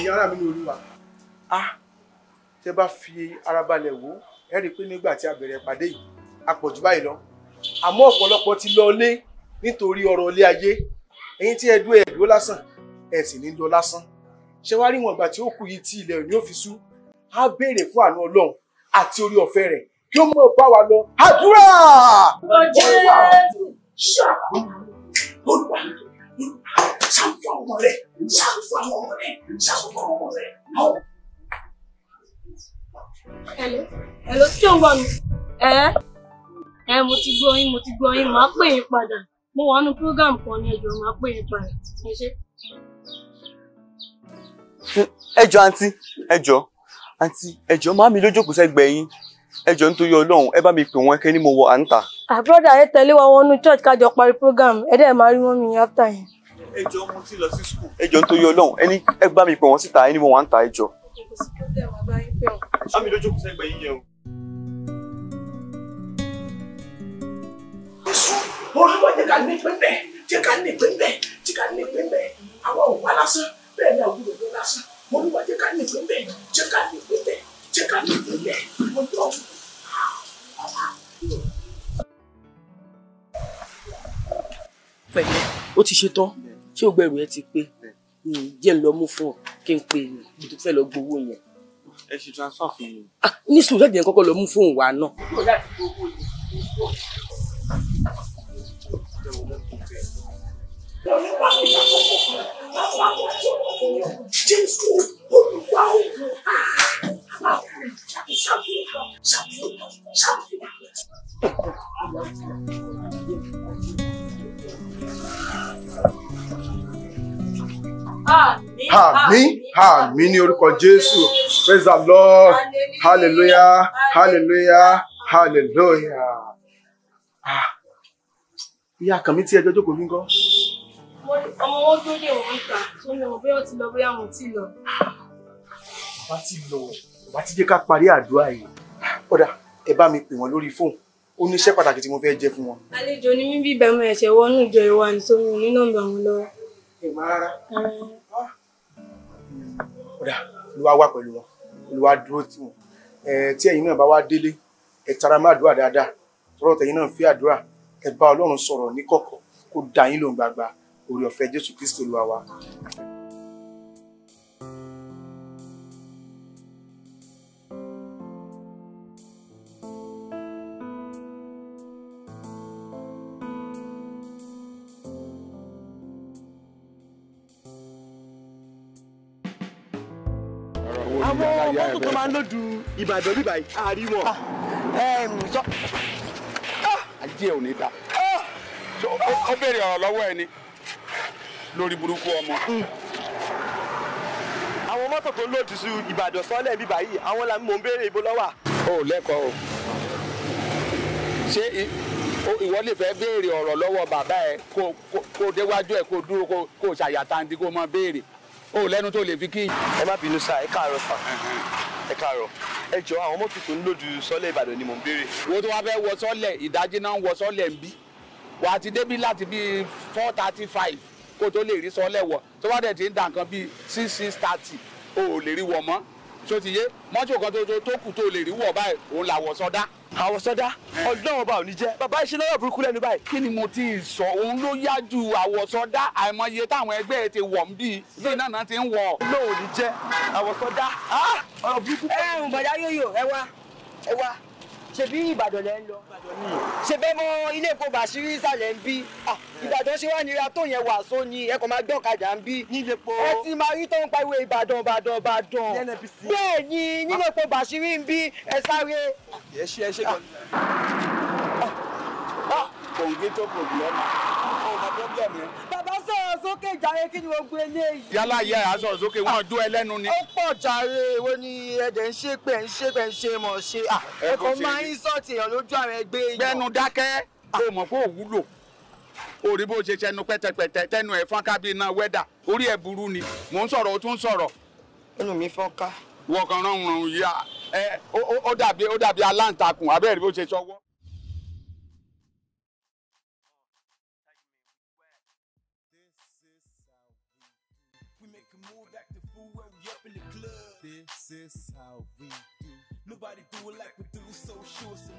ẹ̀yin ará mi ní olúwa ah tẹ́ bá fi ara balẹ̀ wò ẹ rí i pé nígbà tí a bẹ̀rẹ̀ ìpàdé yìí a pọ̀ jù báyìí lọ àmọ́ ọ̀pọ̀lọpọ̀ ti lọ lé nítorí ọ̀rọ̀ ilé ayé ẹ̀yin tí ẹ dúró ẹ dúró lásán ẹ sì ní lọ lásán ṣé wá rí wọn ìgbà tí ó kù yìí tí ilẹ̀ òní ò fi sú á béèrè fún àánú ọlọ́run àti orí ọ̀fẹ́ rẹ̀ kí ó mọ̀ bá wa lọ àdúrà. ọjọ́ ìwà ṣàkóso olùwà ṣàánú fún àwọn Hello, hello, tí ò Eh? wà mí. Ẹ ẹ mo ti gbọ́ yín mo ti gbọ́ yín màá pè yín padà mo wà nínú program kan ní ẹjọ́ màá pè yín padà ẹ ṣe. Ẹ jọ̀ọ́ àǹtí ẹ jọ̀ọ́ àǹtí ẹ jọ̀ọ́ màámi ló jókòó sẹ́gbẹ̀ẹ́ yín ẹ jọ̀ọ́ nítorí Ọlọ́run ẹ bá mi pè wọ́n kẹ́ ni mo wọ àǹtà. àbúrò dà ẹ tẹ̀lé wa wọnú church kájọ parí program ẹ dẹ̀ máa rí mọ́mí yín after yẹn ẹjọ́ mo ti lọ sí school. ẹjọ́ nítorí Ọlọ́run ẹni ẹ bá mi pè wọ́n síta ẹni mo wà ń ta ẹjọ́. àmì lójú kù sẹ́gbẹ̀ yín yẹn o. olùkọ́ jẹ́ ká ní pínpẹ́ jẹ́ ká ní pínpẹ́ jẹ́ ká ní pínpẹ́ àwọn ò wá lásán bẹ́ẹ̀ ni àwọn òbí lásán olùkọ́ jẹ́ ká ní pínpẹ́ jẹ́ ká ní pínpẹ́ jẹ́ ká ní pínpẹ́ ọjọ́ pẹ̀lú ó ti ṣe tán ṣé o gbẹrù ẹ ti pé jẹ́ lọ mú fún ọ kí n pè ní ibi tó fẹ́ lọ gbowó yẹn. ẹ ṣe transfer fún mi. Ah, ní sùúrù ẹ̀jẹ̀ kọ́kọ́ lọ mú fóun wa náà. Jésù olùwà Ha àmín ní orúkọ jésù praise the lord hallelujah hallelujah hallelujah. Ah. ìyá kànmí tí ẹjọ́ jókòó ní gan. ọmọ wọn tó lè wọ́n ta tó ní wọn bóyá ti lọ bóyá wọn ti lọ. bá ti lọ bá ti jẹ́ ká parí àdúrà yìí ọ̀dà ẹ bá mi pè wọ́n lórí fóònù ó ní iṣẹ́ pàtàkì tí mo fẹ́ jẹ́ fún wọn. àlejò ni mí bíbẹ̀ ọmọ ẹ̀ṣẹ̀ wọnú ìjọ ìwà nìṣòro ní nọ́mbà wọn lọ. ẹ má rárá kódà olúwa wà pẹ̀lú wọn olúwa dúró tì wọ́n tí ẹ̀yin náà bá wá délé ẹ tara má àdúrà dáadáa tọrọ tẹ̀yin náà fi àdúrà ẹ bá Ọlọ́run sọ̀rọ̀ ní kọ̀kọ̀ kó dá yín lóhùn gbàgbà oore ọ̀fẹ́ Jésù Kristi olúwa wa. ìyá ẹ̀ bẹ́ẹ̀. àwọn mọ́tò tó máa ń lòdù ìbàdàn bíbà yìí àárí wọn. ajé ò ní da ó béèrè ọ̀rọ̀ lọ́wọ́ ẹni lórí burúkú ọmọ. àwọn mọ́tò tó lòdù sí ìbàdàn sọ́lẹ̀ bíbà yìí àwọn làmú mò ń béèrè ibo lọ́wà. o lẹ́kọ̀ọ́ o ṣé ìwọ lè fẹ́ béèrè ọ̀rọ̀ lọ́wọ́ bàbá ẹ kó déwájú ẹ kó dúró kó ṣàyàtàǹdì kó mọ béèrè o lẹ́nu tó lè fi kí. ẹ má bínú sá ẹ káàárọ̀ sá ẹ káàárọ̀ ẹ jọ àwọn mọ́tò tó ń lòdù sọ́lẹ̀ Ìbàdàn ni mò ń béèrè. owó tó wá fẹ́ wọ sọ́lẹ̀ ìdájí náà ń wọ sọ́lẹ̀ ń bí wà á ti débí láti bíi four thirty five kó tó lè rí sọ́lẹ̀ wọ̀ tó bá dẹ̀ ti ń dà nǹkan bíi six six thirty o ò lè rí wọ̀ mọ́ tó ti yé mọ́tò kan tó tó kù tó lè rí wọ̀ báyìí òun làwọ̀ sọdá àwọn sọdá ọdún ọba ò ní jẹ bàbá iṣẹ lọ́wọ́ burúkú lẹ́nu báyìí. kí ni mo ti sọ òun ló yá ju àwọ̀ sọdá àìmọye táwọn ẹgbẹ́ ẹ ti wọ̀ ń bí bí náà náà ti ń wọ̀ lóò ní jẹ àwọ̀ sọdá ah! ọ̀rọ̀ burúkú. ẹ ẹ ǹbọ̀dá yóyò ẹ wá ẹ wá ṣebí ìbàdàn lẹ ń lọ ṣebẹ́ mọ ilé epo bàṣírí ìsàlẹ̀ ń bí ah, ìbàdàn ṣe wá nira tó yẹn wàásù ni ẹ kò máa gbé ọ̀kadà ń bí ẹ ti máa rí tó ń pariwo ìbàdàn ìbàdàn ìbàdàn bẹ́ẹ̀ ni nílé epo bàṣírí ń bí ẹ sáré. ẹ ṣe ẹ ṣe kan ah, ah. kò ń gé tó pòbíọ́mù kò ń lọ sọ̀rọ̀ sókè jàre kí ni gbogbo eléyìí. yálà yẹ àásọ̀ sókè wọ́n dún ẹlẹ́nu ni. ó pọ̀ jàre èwo ni ẹ̀dẹ̀ ń ṣe pẹ̀ ń ṣe pẹ̀ ń ṣe mọ̀ ṣe. ẹ̀kọ́ máa ń sọ̀tì èèyàn lójú àwọn ẹgbẹ́ gbẹnu dákẹ́ kó mọ̀ kó wúlò orí bó ṣe ṣẹnu tẹnu ẹ̀ fọ́nká bíi iná orí ẹ̀ ni mò ń sọ̀rọ̀ o tún sọ̀rọ̀. mi fọ́nká. rán òun yá dàbí Nobody do it like we do it, so sure. So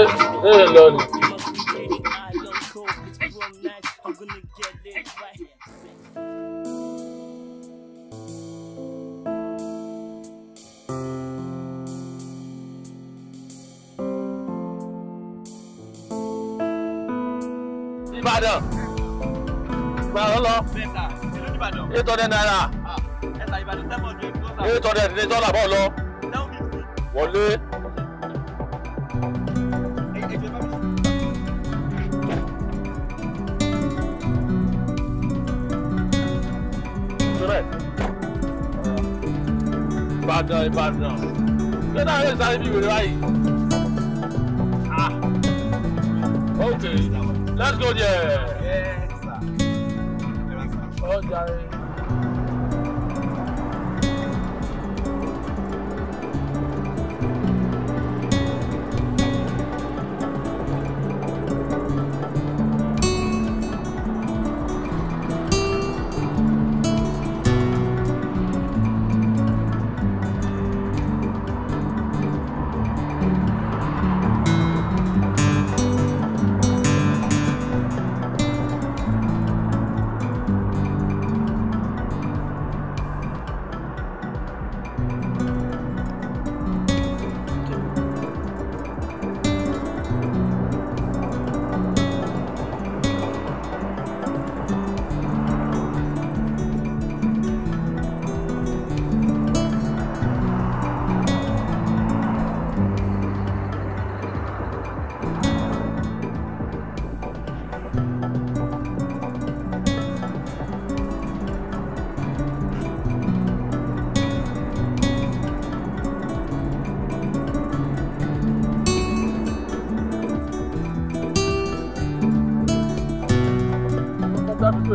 ẹ lọ ni. Ìbàdàn Ìbàdàn lọ eight hundred naira eight hundred ní dọ́là bọ́ọ̀ lọ wọlé. Ìbàdàn ṣé náà yóò sáré bí wèrè báyìí. Ah. Okay, let's go there. Yes, sir. Oh, jàre.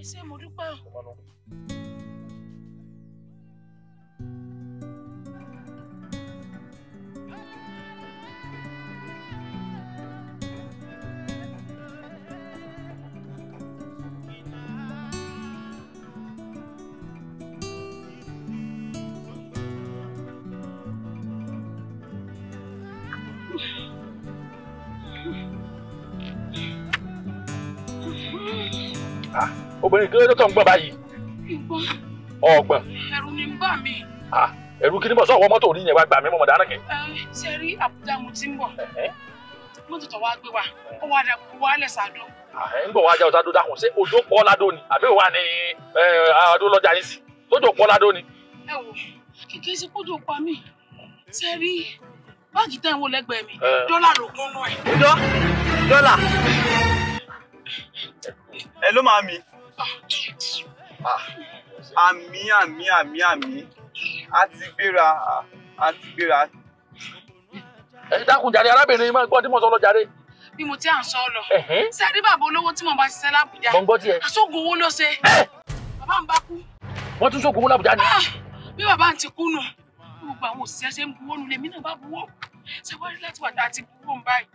ẹ ṣé mo dúpẹ́ obìnrin kí ló dé tó ń gbọ́n báyìí. ọgbọ́n. ẹ̀rù ni ń bà mí. ẹ̀rù kí ni bọ̀ sọ ọwọ́ mọ́tò oníyẹn wa gbà mí mọ̀mọ́dá náà kẹ́. ṣe rí àbújá mo ti ń bọ̀ mọ́tò tó wá gbé wa ó wá dà kú wálẹ̀ sàdó. ń bọ̀ wá ajá ọ̀sádó dákun ṣé òjò pọ̀ ládó ni àbí wà ní àdó lọ́jà yín sí tójò pọ̀ ládó ni. ẹ wò kìkì sí kójò pa mí ṣe rí báàgì tẹ́ ń wo lẹ́gbẹ̀ẹ́ mi dọ́là ló gún náà. ẹ ló máa mi àmì àmì àmì àmì a ti gbéra a ti gbéra. ẹ dákun jàre arábìnrin máa gbọ́ tí mo sọ lọ jàre. bí mo ti à ń sọ ọ lọ sẹ́ẹ̀rí bàbá olówó tí mo bá ṣiṣẹ́ lábùjá aṣọ́gun owó ló ṣe bàbá ń bá kú. wọ́n tún ṣoògùn owó lábùjá ni. Ah! bí bàbá ń ti kú nù gbogbo àwọn òṣìṣẹ́ ṣe ń buwọ́ nulẹ̀ mí náà bá buwọ́ ṣe wá rí láti wà tá a ti buwọ́ ń báyìí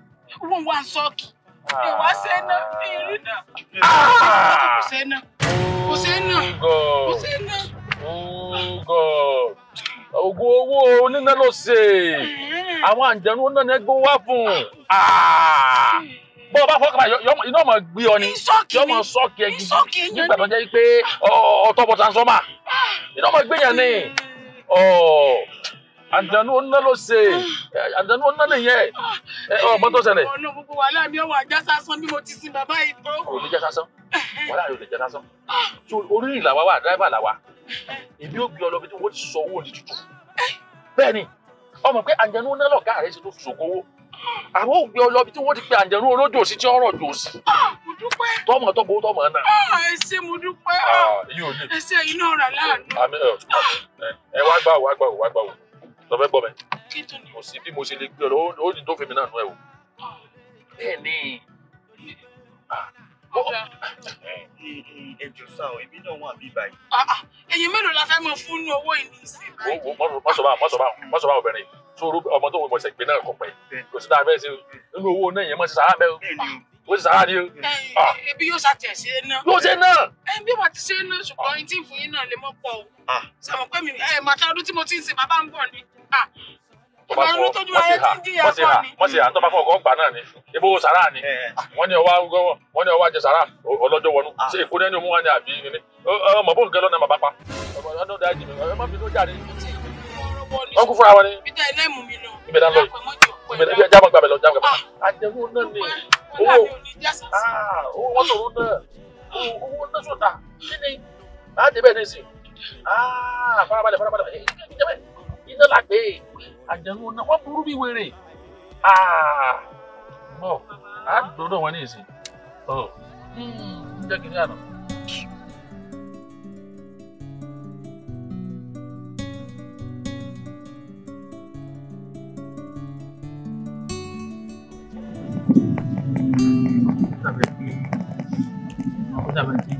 owó ń ń sọ́ọ̀kì ìwà ṣe ná ìrì ná kò ṣe ná kò ṣe ná kò ṣe ná. ogun owó oníná ló ṣe àwọn àǹjẹ̀nu náà ni ẹgbẹ́ wá fún un bó o bá fọkàn báyìí iná ọmọ gbé ọ ni yóò mọ sọọkì ẹgbẹ nígbà tó ń jẹ́ pé ọtọ bọ transformer iná ọmọ gbé yẹn ni àdánù ọ̀nà ló ṣe àdánù ọ̀nà nìyẹn ọmọ tó ṣẹlẹ̀. ọ̀nà gbogbo wàhálà mi ọwọ́ ajá sásán bí mo ti sin bàbá yìí tó. o lè jẹ sásán wàhálà yóò lè jẹ sásán so orí ìlàwà wa dráìvà làwà èmi ò gbé ọ lọ bí wọ́n ti sọ owó ní tútù bẹ́ẹ̀ ni ọmọ pé àdánù ọ̀nà lọ̀gá rẹ̀ ṣe tó ṣòkòwò àwọn òbí ọlọ́bi tí wọ́n ti pe àjẹrú olójó sí tí ọ̀rọ̀ jò sí. Ah, mo dúpẹ́. tọmọ tọgbọ tọmọ náà. Ah, ẹ ṣé mo dúpẹ́. Ah, ẹ ṣé iná ọ̀rà láàánú. ẹ wá gbà wò wá gbà wá gbà wò lọ fẹ́ gbọ́ mi kíndìnì ò sí bí mo ṣe lè gbé ọ ó ní tó fi mi náà nú ah. ẹ o. bẹ́ẹ̀ni ẹjọ sá ọ èmi náà wà bí báyìí. ẹyin ah, ah, mélòó la fẹ́ mọ fún ní owó ìní ìsìn báyìí. wo wo mọ̀sọ̀bá mọ̀sọ̀bá mọ̀sọ̀bá obìnrin sóoru ọmọ tó wọ ìmọ̀ọ́sẹ̀ gbé náà kọ̀ pẹ́ kò sí dáa bẹ́ẹ̀ ṣe nínú owó náà yẹn mọ̀ sí sàárà bẹ́ẹ̀ o sí sàárà ni o. ebi yóò ṣàtẹ̀ ṣe náà. yóò ṣe náà ṣùgbọ́n ohun tí ń yín náà lè mọ́ pọ̀ o. sọ̀rọ̀ ah. pé mi ẹ̀ màkà ọdún tí mo ti ń sìn bàbá ń bọ̀ ni. ìgbà ah. tó dúró ayé tí ń díyà pọ̀ ni. wọ́n sì hà tó bá fọwọ́ gbà náà ni ibo sàrà ni eh. wọ́n ní ọwọ́ arúgbọ́wọ́ wọ́n ní ọwọ́ àjẹ sàrà ọlọ́jọ́ wọnú ah. ṣé èkó ní ẹni òmùwà ni àbí ni ọmọ bó ń gẹ lọ́nà bàbá pa wọ́n kú náà ni owó owó wọn lòun náà owó tó sọ̀tà kí ni a dé bẹ́ẹ̀ nísìn farabalẹ̀ farabalẹ̀ iná la gbé àjẹrú náà wọ́n burú bí wèrè bọ̀ a dọ̀dọ̀ wọn nísìn ọ̀ ń jẹ́ kiri àná.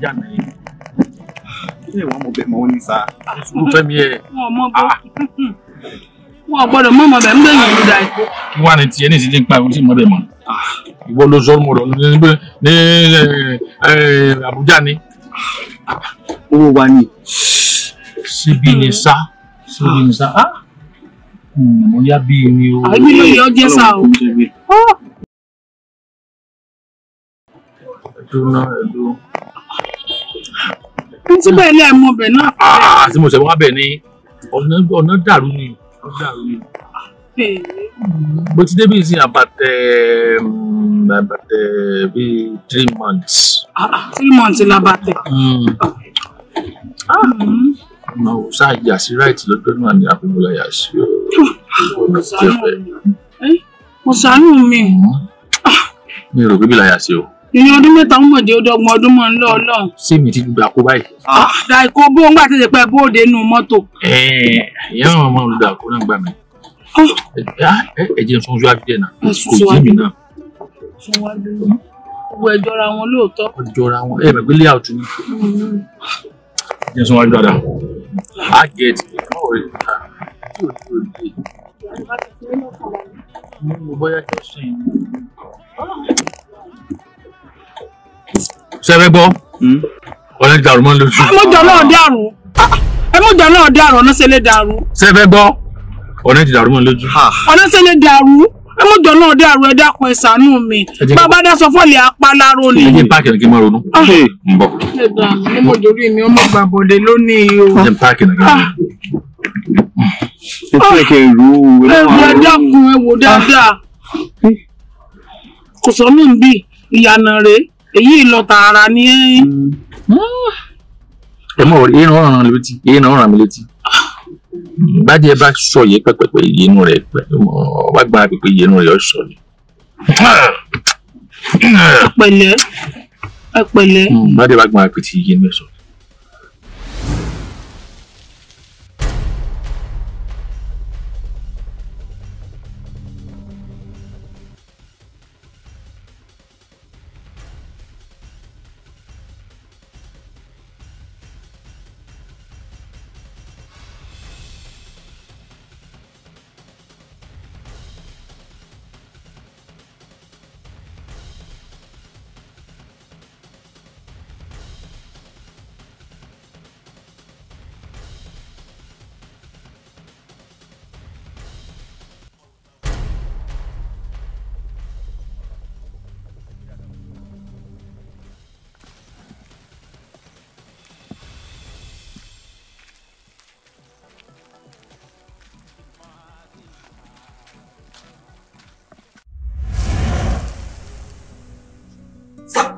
jà náà yẹn. ṣé ìwà bẹ̀ mọ́ ní sa. mo mi ẹ̀. wọn mọ bọ wọn gbọ́dọ̀ mọ mọ ń gbẹ ní tiẹ̀ ní do not do ntí bẹ́ẹ̀ lẹ́ mọ bẹ̀ náà. àti ah, mo ṣe wá bẹ̀ ni ọ̀nà ọ̀nà dàrú ni ọ̀nà dàrú ni. mo ti dé bíi sí àbàtẹ mm, àbàtẹ bíi three months. Ah, ah, three months làbàtẹ. Mm. mo ò sáà yà sí right lọ́jọ́ náà ni àbí mo o. mo ṣàánú mi. Eh, mm. mi ò rò pé la yà o ìyẹn ọdún mẹ́ta ń mọ̀dé ọdọ́gbọ̀n ọdún mọ́ ń lọ ọlọ́run. ṣé mi ti gbà kó báyìí. da ìkó bó ń gbà tètè pẹ́ bóde nù mọ́tò. ìyá àwọn ọmọ olùdó àkó náà gbà mí. ẹ̀jẹ̀ sunjú abidjan náà kò jí mi náà. gbogbo ẹ jọra wọn lóòótọ́. ó jọra wọn ẹ mẹgbẹ lé àwùjọ mi. ẹ̀jẹ̀ sunjú abidjan dáadáa. a gẹ̀ ẹ́ ti kí wọ́n rẹ̀ mo bóyá kí ó sìn sẹ́rẹ́ gbọ́ hmm. ọ̀rẹ́ dàrú mọ́ lójú. àmọ́jọ ah, náà dàrú àmọ́jọ ah, náà dàrú ọ̀nà ṣẹlẹ̀ dàrú. sẹ́fẹ́ gbọ́ ọ̀rẹ́ ti dàrú mọ́ lójú. ọ̀nà ṣẹlẹ̀ dàrú àmọ́jọ náà dàrú ẹ dákun ẹ ṣàánú mi bàbá dá sọ fọ́ọ̀lì apáláró ni. ẹ jẹ́ páàkì náà kí n máa ronú. n ah. bọ̀. ẹ dà mọ́ mi ọmọ gbàbọ̀dé lónìí o. ẹ jẹ́ páàkì náà kí n máa ronú. ẹ tẹ́ kẹ́ ìrú ẹ dákun ẹ dákun ẹ wò dáadáa kò sọ́nù ń bì ìyànà rèé èyí lọ tààrà ni ẹ mọ̀ rí ìran ọ̀ràn létí ìran ọ̀ràn mi létí gbájú ẹ bá sọ yẹ pẹpẹpẹ iye inú rẹ ọba gbára pípé iye inú rẹ ọ sọ ni. ẹ pẹ̀lẹ́ ẹ pẹ̀lẹ́. gbájú bá gbára pípé iye inú rẹ sọ.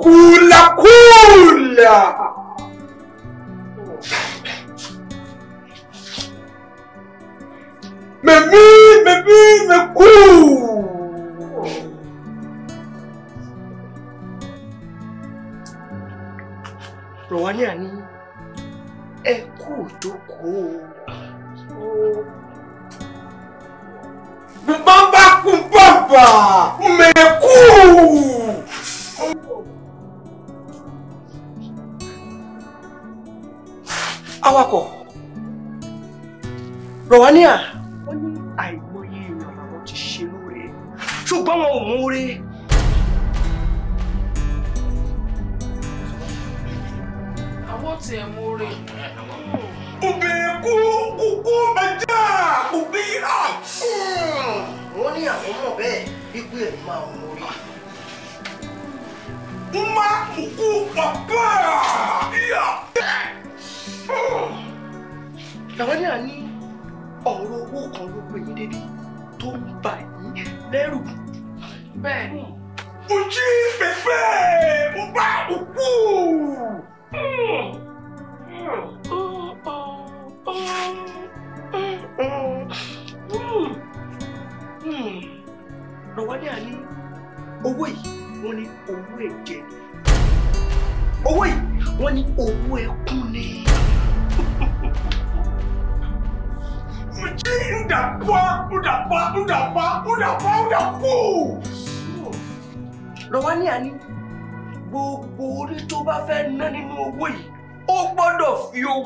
kula kula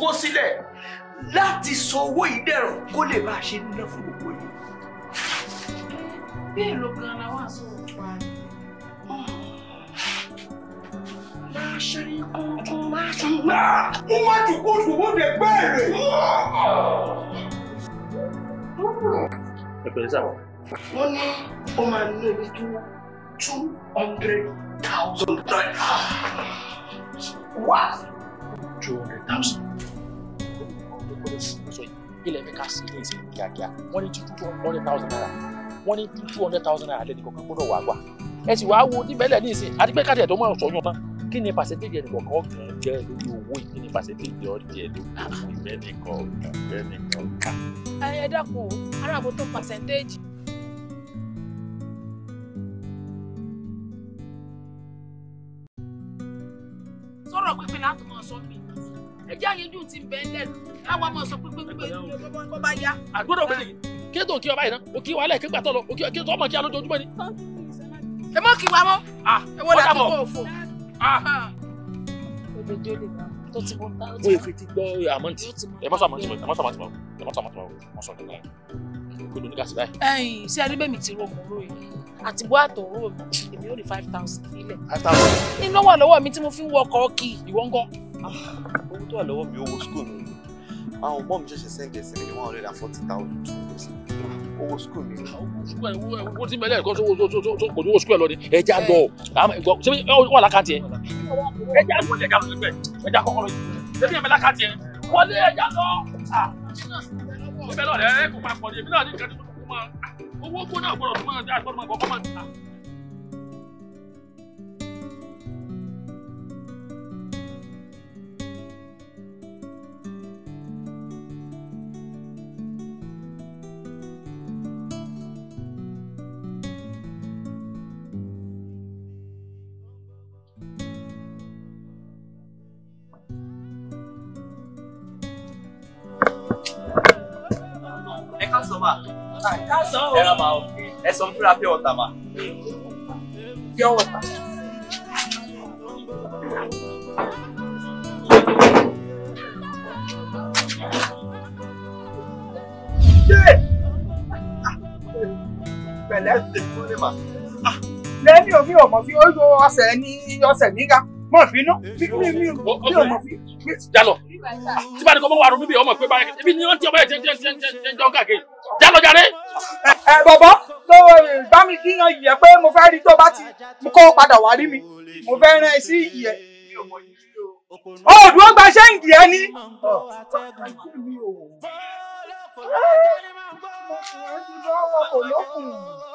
owó sílẹ̀ láti sọ owó yìí dẹ̀rọ̀ kó lè bá a ṣe níná fún gbogbo yìí. bí èlò gan-an làwọn àsọ̀rọ̀ pa máa ṣe ní kọ́ńtún máa ṣe gbà. ó má jù kó ṣòwò dé bẹ́ẹ̀rẹ̀. pẹpẹ sábà. wọ́n ní ó máa ná ibi tó two hundred thousand dollars. wá. oṣù sọ yìí ilẹ̀ fẹ́ ká sí ilé ìsìn kíákíá wọ́n ní two hundred thousand naira wọ́n ní two hundred thousand naira lẹ́nu kọ̀ọ̀kan gbọ́dọ̀ wàá wà ẹ sì wàá wo níbẹ̀lẹ̀ ní ìsìn àti pé káàdì ẹ̀dọ́ máa sọ̀yún tán kí ni percentage ẹnì kọ̀ọ̀kan ọ̀gbìn jẹ́ lórí owó yìí kí ni percentage ọ̀dì ẹ̀ lórí bẹ́ẹ̀ni kọ̀ọ̀kan bẹ́ẹ̀ni kọ̀ọ̀kan. ẹ dákun o aráàbò tó percentage. sọ̀rọ̀ pínpín láti mọ̀ sọ́ọ̀bì ẹ jẹ́ àyẹ̀jú ti bẹ́ẹ̀ lẹ́nu káwa máa sọ pé pé pé bọ́ bá yá. àgbọ̀dọ̀ gbé nìyí kí ètò òkè ọba yìí náà òkè wàhálà ẹ̀ kégbà tó lọ òkè ọkè tó ọmọ kí a lójoojúmọ́ ni. ẹ mọ kí wa mọ ewo la tó bọ̀ fò. o yẹ fi ti gbọ́ àmọ́ ntì ẹ mọ́sọ̀ àmọ́ ntì ẹ mọ́sọ̀ àmọ́ ntì ẹ mọ́sọ̀ àmọ́ ntì mọ́sọ̀ ntì kó ló ní káàsì báyìí. ẹ̀yin sí adébẹ̀mí ti ro mòró yìí àti bó àtọ̀rọ̀ èmi ò ní five thousand nílẹ̀. five thousand. ní lọ́wọ́ lọ́wọ́ mi tí mo fi ń wọkọ̀ kì í ìwọ́ngọ́. Ah, owó tó wà lọ́wọ́ mi owó school mi àwọn ọmọ mi ṣẹ̀ṣẹ̀ sẹ́ńgẹ̀ sí mi ní one hundred and forty thousand ah, owó school mi. Ah, owó tí mẹlẹ kó kò ní owó school ẹ lọ ni ẹja lọ ṣé wà lákàtì ẹ ẹja lọ ẹja lọ síbẹ̀ ẹja kọ́kọ́ lọ síbẹ̀ ṣé ẹja lákàtì ẹ wọlé ẹja lọ ọbẹ̀ lọ rẹ̀ ẹ kò papọ̀ ní ẹbí náà ní ìkàtí tó kọ́ máa owó gbóná gbọ́dọ̀ tó máa dá àgbọ̀dọ̀ máa kọ́ máa ta. ma. Kásán o. Ẹ̀rọ máa ẹ sọ fúnra pé ọ̀tà ma. Bí ọwọ́ ta. Pẹ̀lẹ́ ti fún ni ma. Lẹ́ni òbí ọmọ fi ojú ọ̀sẹ̀ ní ọ̀sẹ̀ nígà mọ bínú mi mi mi ò mọ fi. jalọ tí bá ní kọ́ mọ́ wàá ronú bí ọmọ pé báyìí ibi ni wọ́n ti ọmọ yẹn jẹ́ jẹ́ jẹ́ jẹ́ jẹ́ jẹ́ káàkiri ẹ bọ̀bọ̀ tó bá mi díyan ìyẹ pé mo fẹ́ rí tó bá ti mú kó padà wá rí mi mo fẹ́ rán ẹ sí ìyẹ. òòdùn ó gba ṣéǹgì ẹ ní. Ọ̀rẹ́ mi ò wọ̀.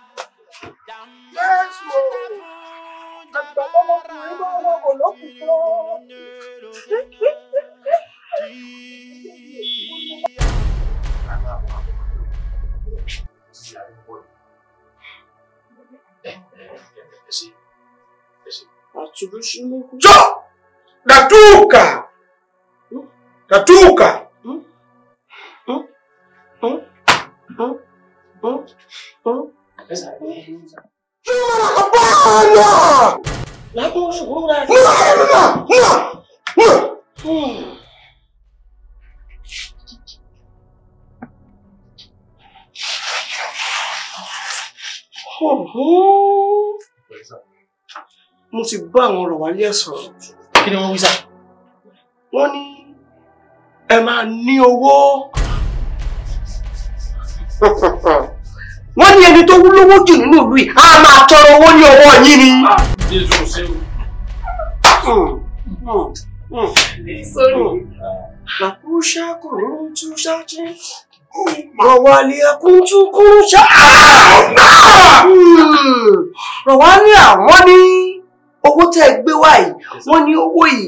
Jésù àgbà ọmọkùnrin náà wọ Jo! Natuka! Natuka! Jumana Habana! Na ko shi gura. Na na na na. Mo ti bá àwọn ọ̀rọ̀ wálé ẹ̀ sọ̀rọ̀. Kí ni wọ́n wí sá? Wọ́n ní ẹ máa ní wọ́n ní ẹni tó wúlówó jù nínú ìlú yìí á máa tọrọ owó ní ọwọ́ yín ni. Ah, hmm, hmm, hmm, Làkúṣá kò ní tú ṣáájú. Rọ̀wálé ṣá. Rọ̀wálé àwọn ní owó tẹ́ gbé wá wọ́n ní owó yìí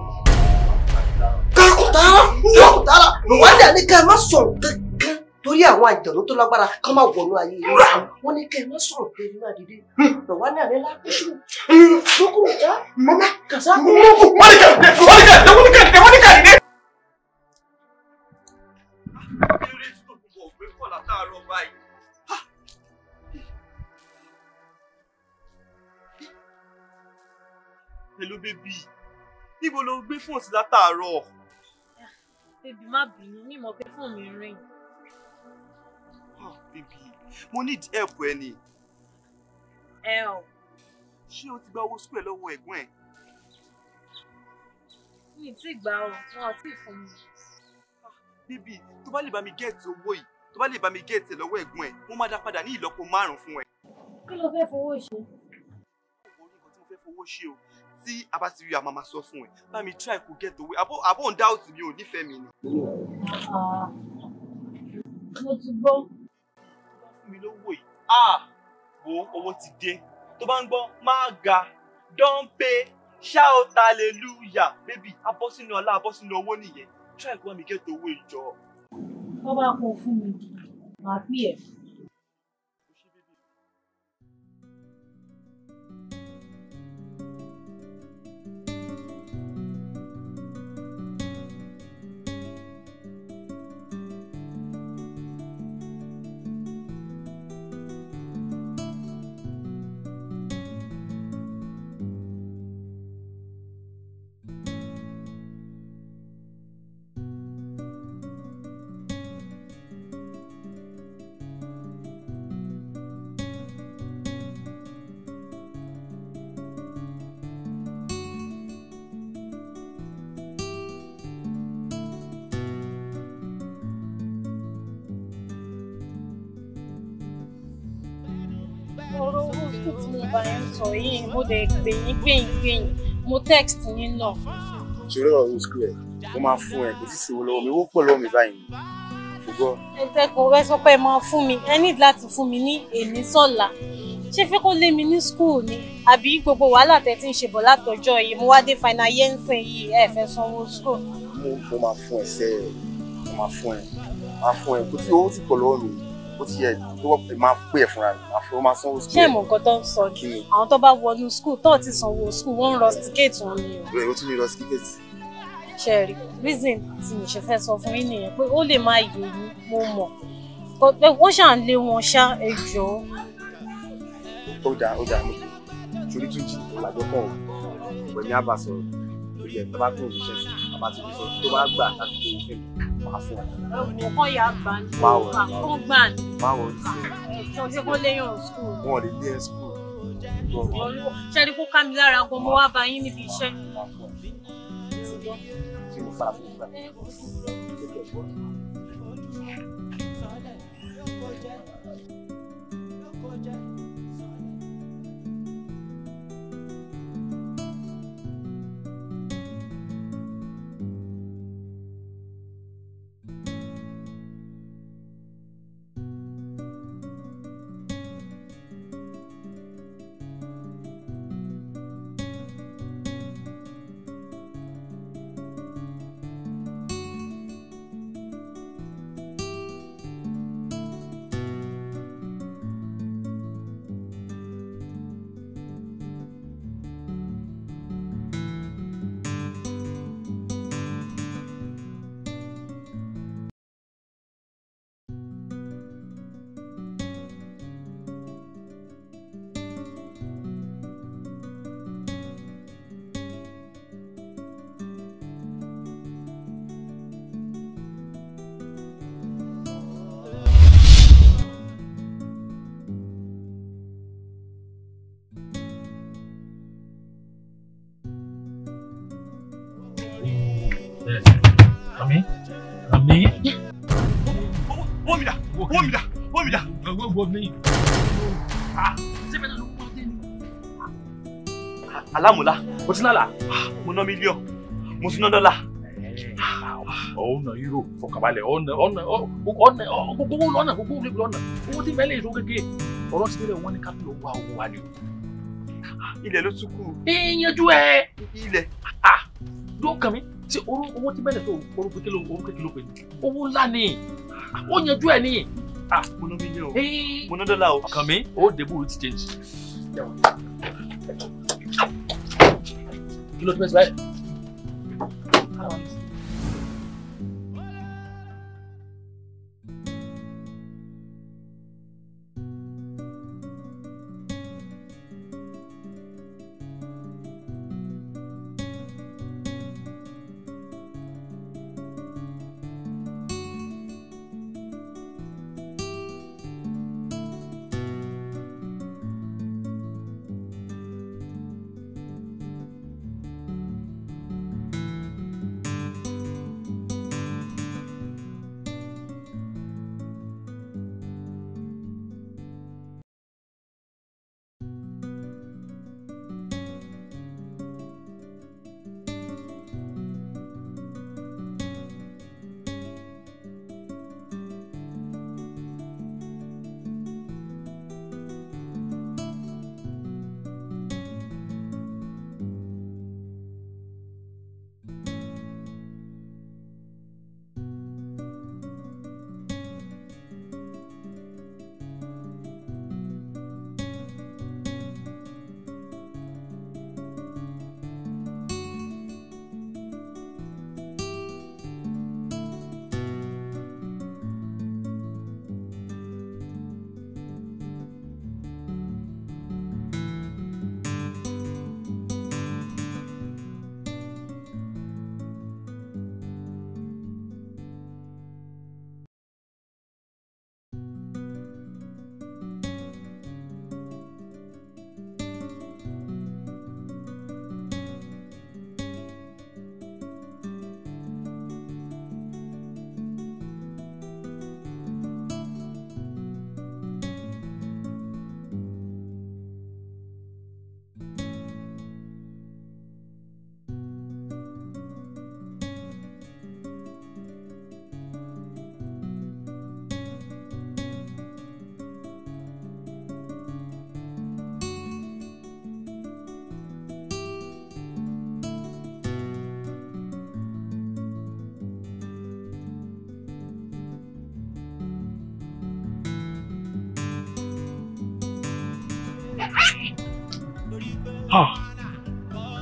tààrà yóò tààrà wọ́n dẹ̀ ní ká ẹ má sọ̀rọ̀ kankan torí àwọn àjọ̀dún tó lágbára kan máa wọnú ayé rẹ̀ wọ́n ní ká ẹ má sọ̀rọ̀ pé nínú àdìdí lọ́wọ́ náà ní lákúṣù lókùn ìjà mọ́nà kàṣá. wọ́n ní ká wọ́n ní ká dìde. Hello baby, níbo lo gbé fóònù sí látàárọ̀? Baby, má bínú, mi mọ̀ pé fún mi rìn. Ah, Bébí, mo need help ẹ ni. Help. Ṣé o ti gba owó sukùl ẹ lọ́wọ́ ẹ̀gbọ́n ẹ̀? Mi ì tí gbà ọ́, wọn ò tí ì fún mi. Ah, Bébí, tó bá lè bá mi gẹ̀ẹ́tì owó yìí, tó bá lè bá mi gẹ̀ẹ́tì lọ́wọ́ ẹ̀gbọ́n ẹ̀, mo máa dá padà ní ìlọ́po márùn-ún fún ẹ. Kí lo fẹ́ fowó ṣe? Mo rí nǹkan tí mo fẹ́ fowó ṣe o tí a bá ti rí a máa ma sọ fún ẹ bá mi try kó get away àbò àbò ń doubt mi ò nífẹ̀ẹ́ mi ni. Ah, mo ti gbọ́. fún mi lówó yìí ah, wo owó ti dé tó bá ń gbọ́ máa ga don pay shout hallelujah baby abọ́ sínú ọlá abọ́ sínú owó nìyẹn try kó bá mi get away jọ. wọ́n bá kó fún mi màá pè é. bẹ̀ gbẹ̀yìn gbẹ̀yìn gbẹ̀yìn mo text yín lọ. ṣòro ọ̀rọ̀ school ẹ̀ mo máa fún ẹ kò sì sí owó lọ́wọ́ mi owó pọ̀ lọ́wọ́ mi báyìí ṣùgbọ́n. ẹ tẹ kò rẹ sọ pé ẹ máa fún mi ẹ need láti fún mi ní èmi sọ̀la ṣé fẹ́ kó lé mi ní school ni àbí gbogbo wàhálà tẹ ti ń ṣe bọ̀ látọjọ́ yìí mo wá dé final year ń sìn yìí ẹ fẹ́ sanwó school. mo máa fún ẹ sẹ́ẹ̀ mo máa fún ẹ máa fún ẹ kò tí owó ti pọ̀ lọ́wọ́ mi ó ti yẹ tó máa pè é fúnra mi máa fún máa sanwó school. ṣé ìmọ̀ nǹkan tó ń sọ ni àwọn tó bá wọnú school tó ti sanwó school wọ́n ń rusticate wọn ni o. bẹ́ẹ̀ o tún ní rusticate. ṣe rí reason tí mi ṣe fẹ́ sọ fún yín nìyẹn pé ó lè má yé yín mo mọ̀ wọ́n ṣà ń lé wọn ṣá ẹjọ́. ó dáa ó dáa mo kì ṣorí tún jì ìlàjọ kan ò pẹ̀lú àbàsọ̀rọ̀ lórí ẹ̀ tó bá tó òṣìṣẹ́ sí i bá ti rí sọ tó bá gbà láti fi fẹ́ máa fún ọ. ọkọ ya gbà ní ọgbà gbà ní. máa wọ ní. ẹjọ tí kò léyàn school. wọn ò lè lé ẹ school. ṣe kó ká mi lára gan mo wá bá yín níbi iṣẹ́. ṣé mo fara fún ìgbà? lọ́wọ́ mi. Ah, ah, alámùlá mo ti nálà ah, mo ná mílíọ̀n mo ti ná dọ́là. ọ̀nà yúrò fọkàbalẹ̀ ọ̀nà ọ̀nà ọ̀nà gbogbo lọ́nà gbogbo olùkọ́ lọ́nà owó tí mẹ́lẹ̀ èso gẹ́gẹ́ ọ̀rọ̀ ti bẹ̀rẹ̀ wọn ní ká lọ wá owó wa ni o. ilẹ̀ ló tún kù. ìyanjú ẹ. ilẹ̀. dúró kàn mí tí owó tí mẹ́lẹ̀ tó orúkọ kékeré orúkọ kékeré ló pè ní owó ńlá ni ó yanjú ẹ nìyẹn ah munu mi ni o munu dọ́là o kàn mí ó change. kí ló tún bẹ́ẹ̀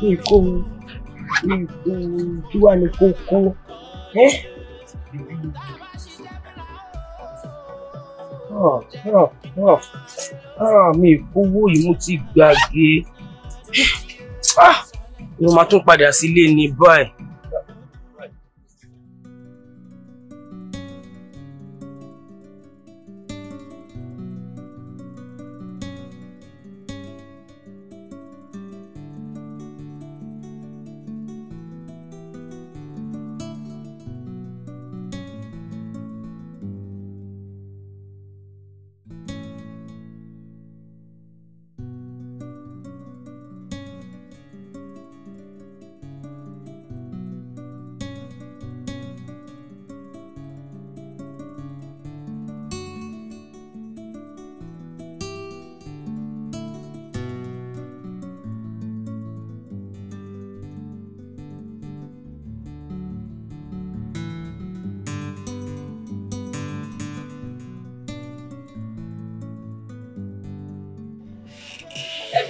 nǹkan nǹkan tí wà ní kókó. Ah, ah, ah. mi kówó yìí mo ti gbàgbé. mo máa tún padà sílé ní báyìí.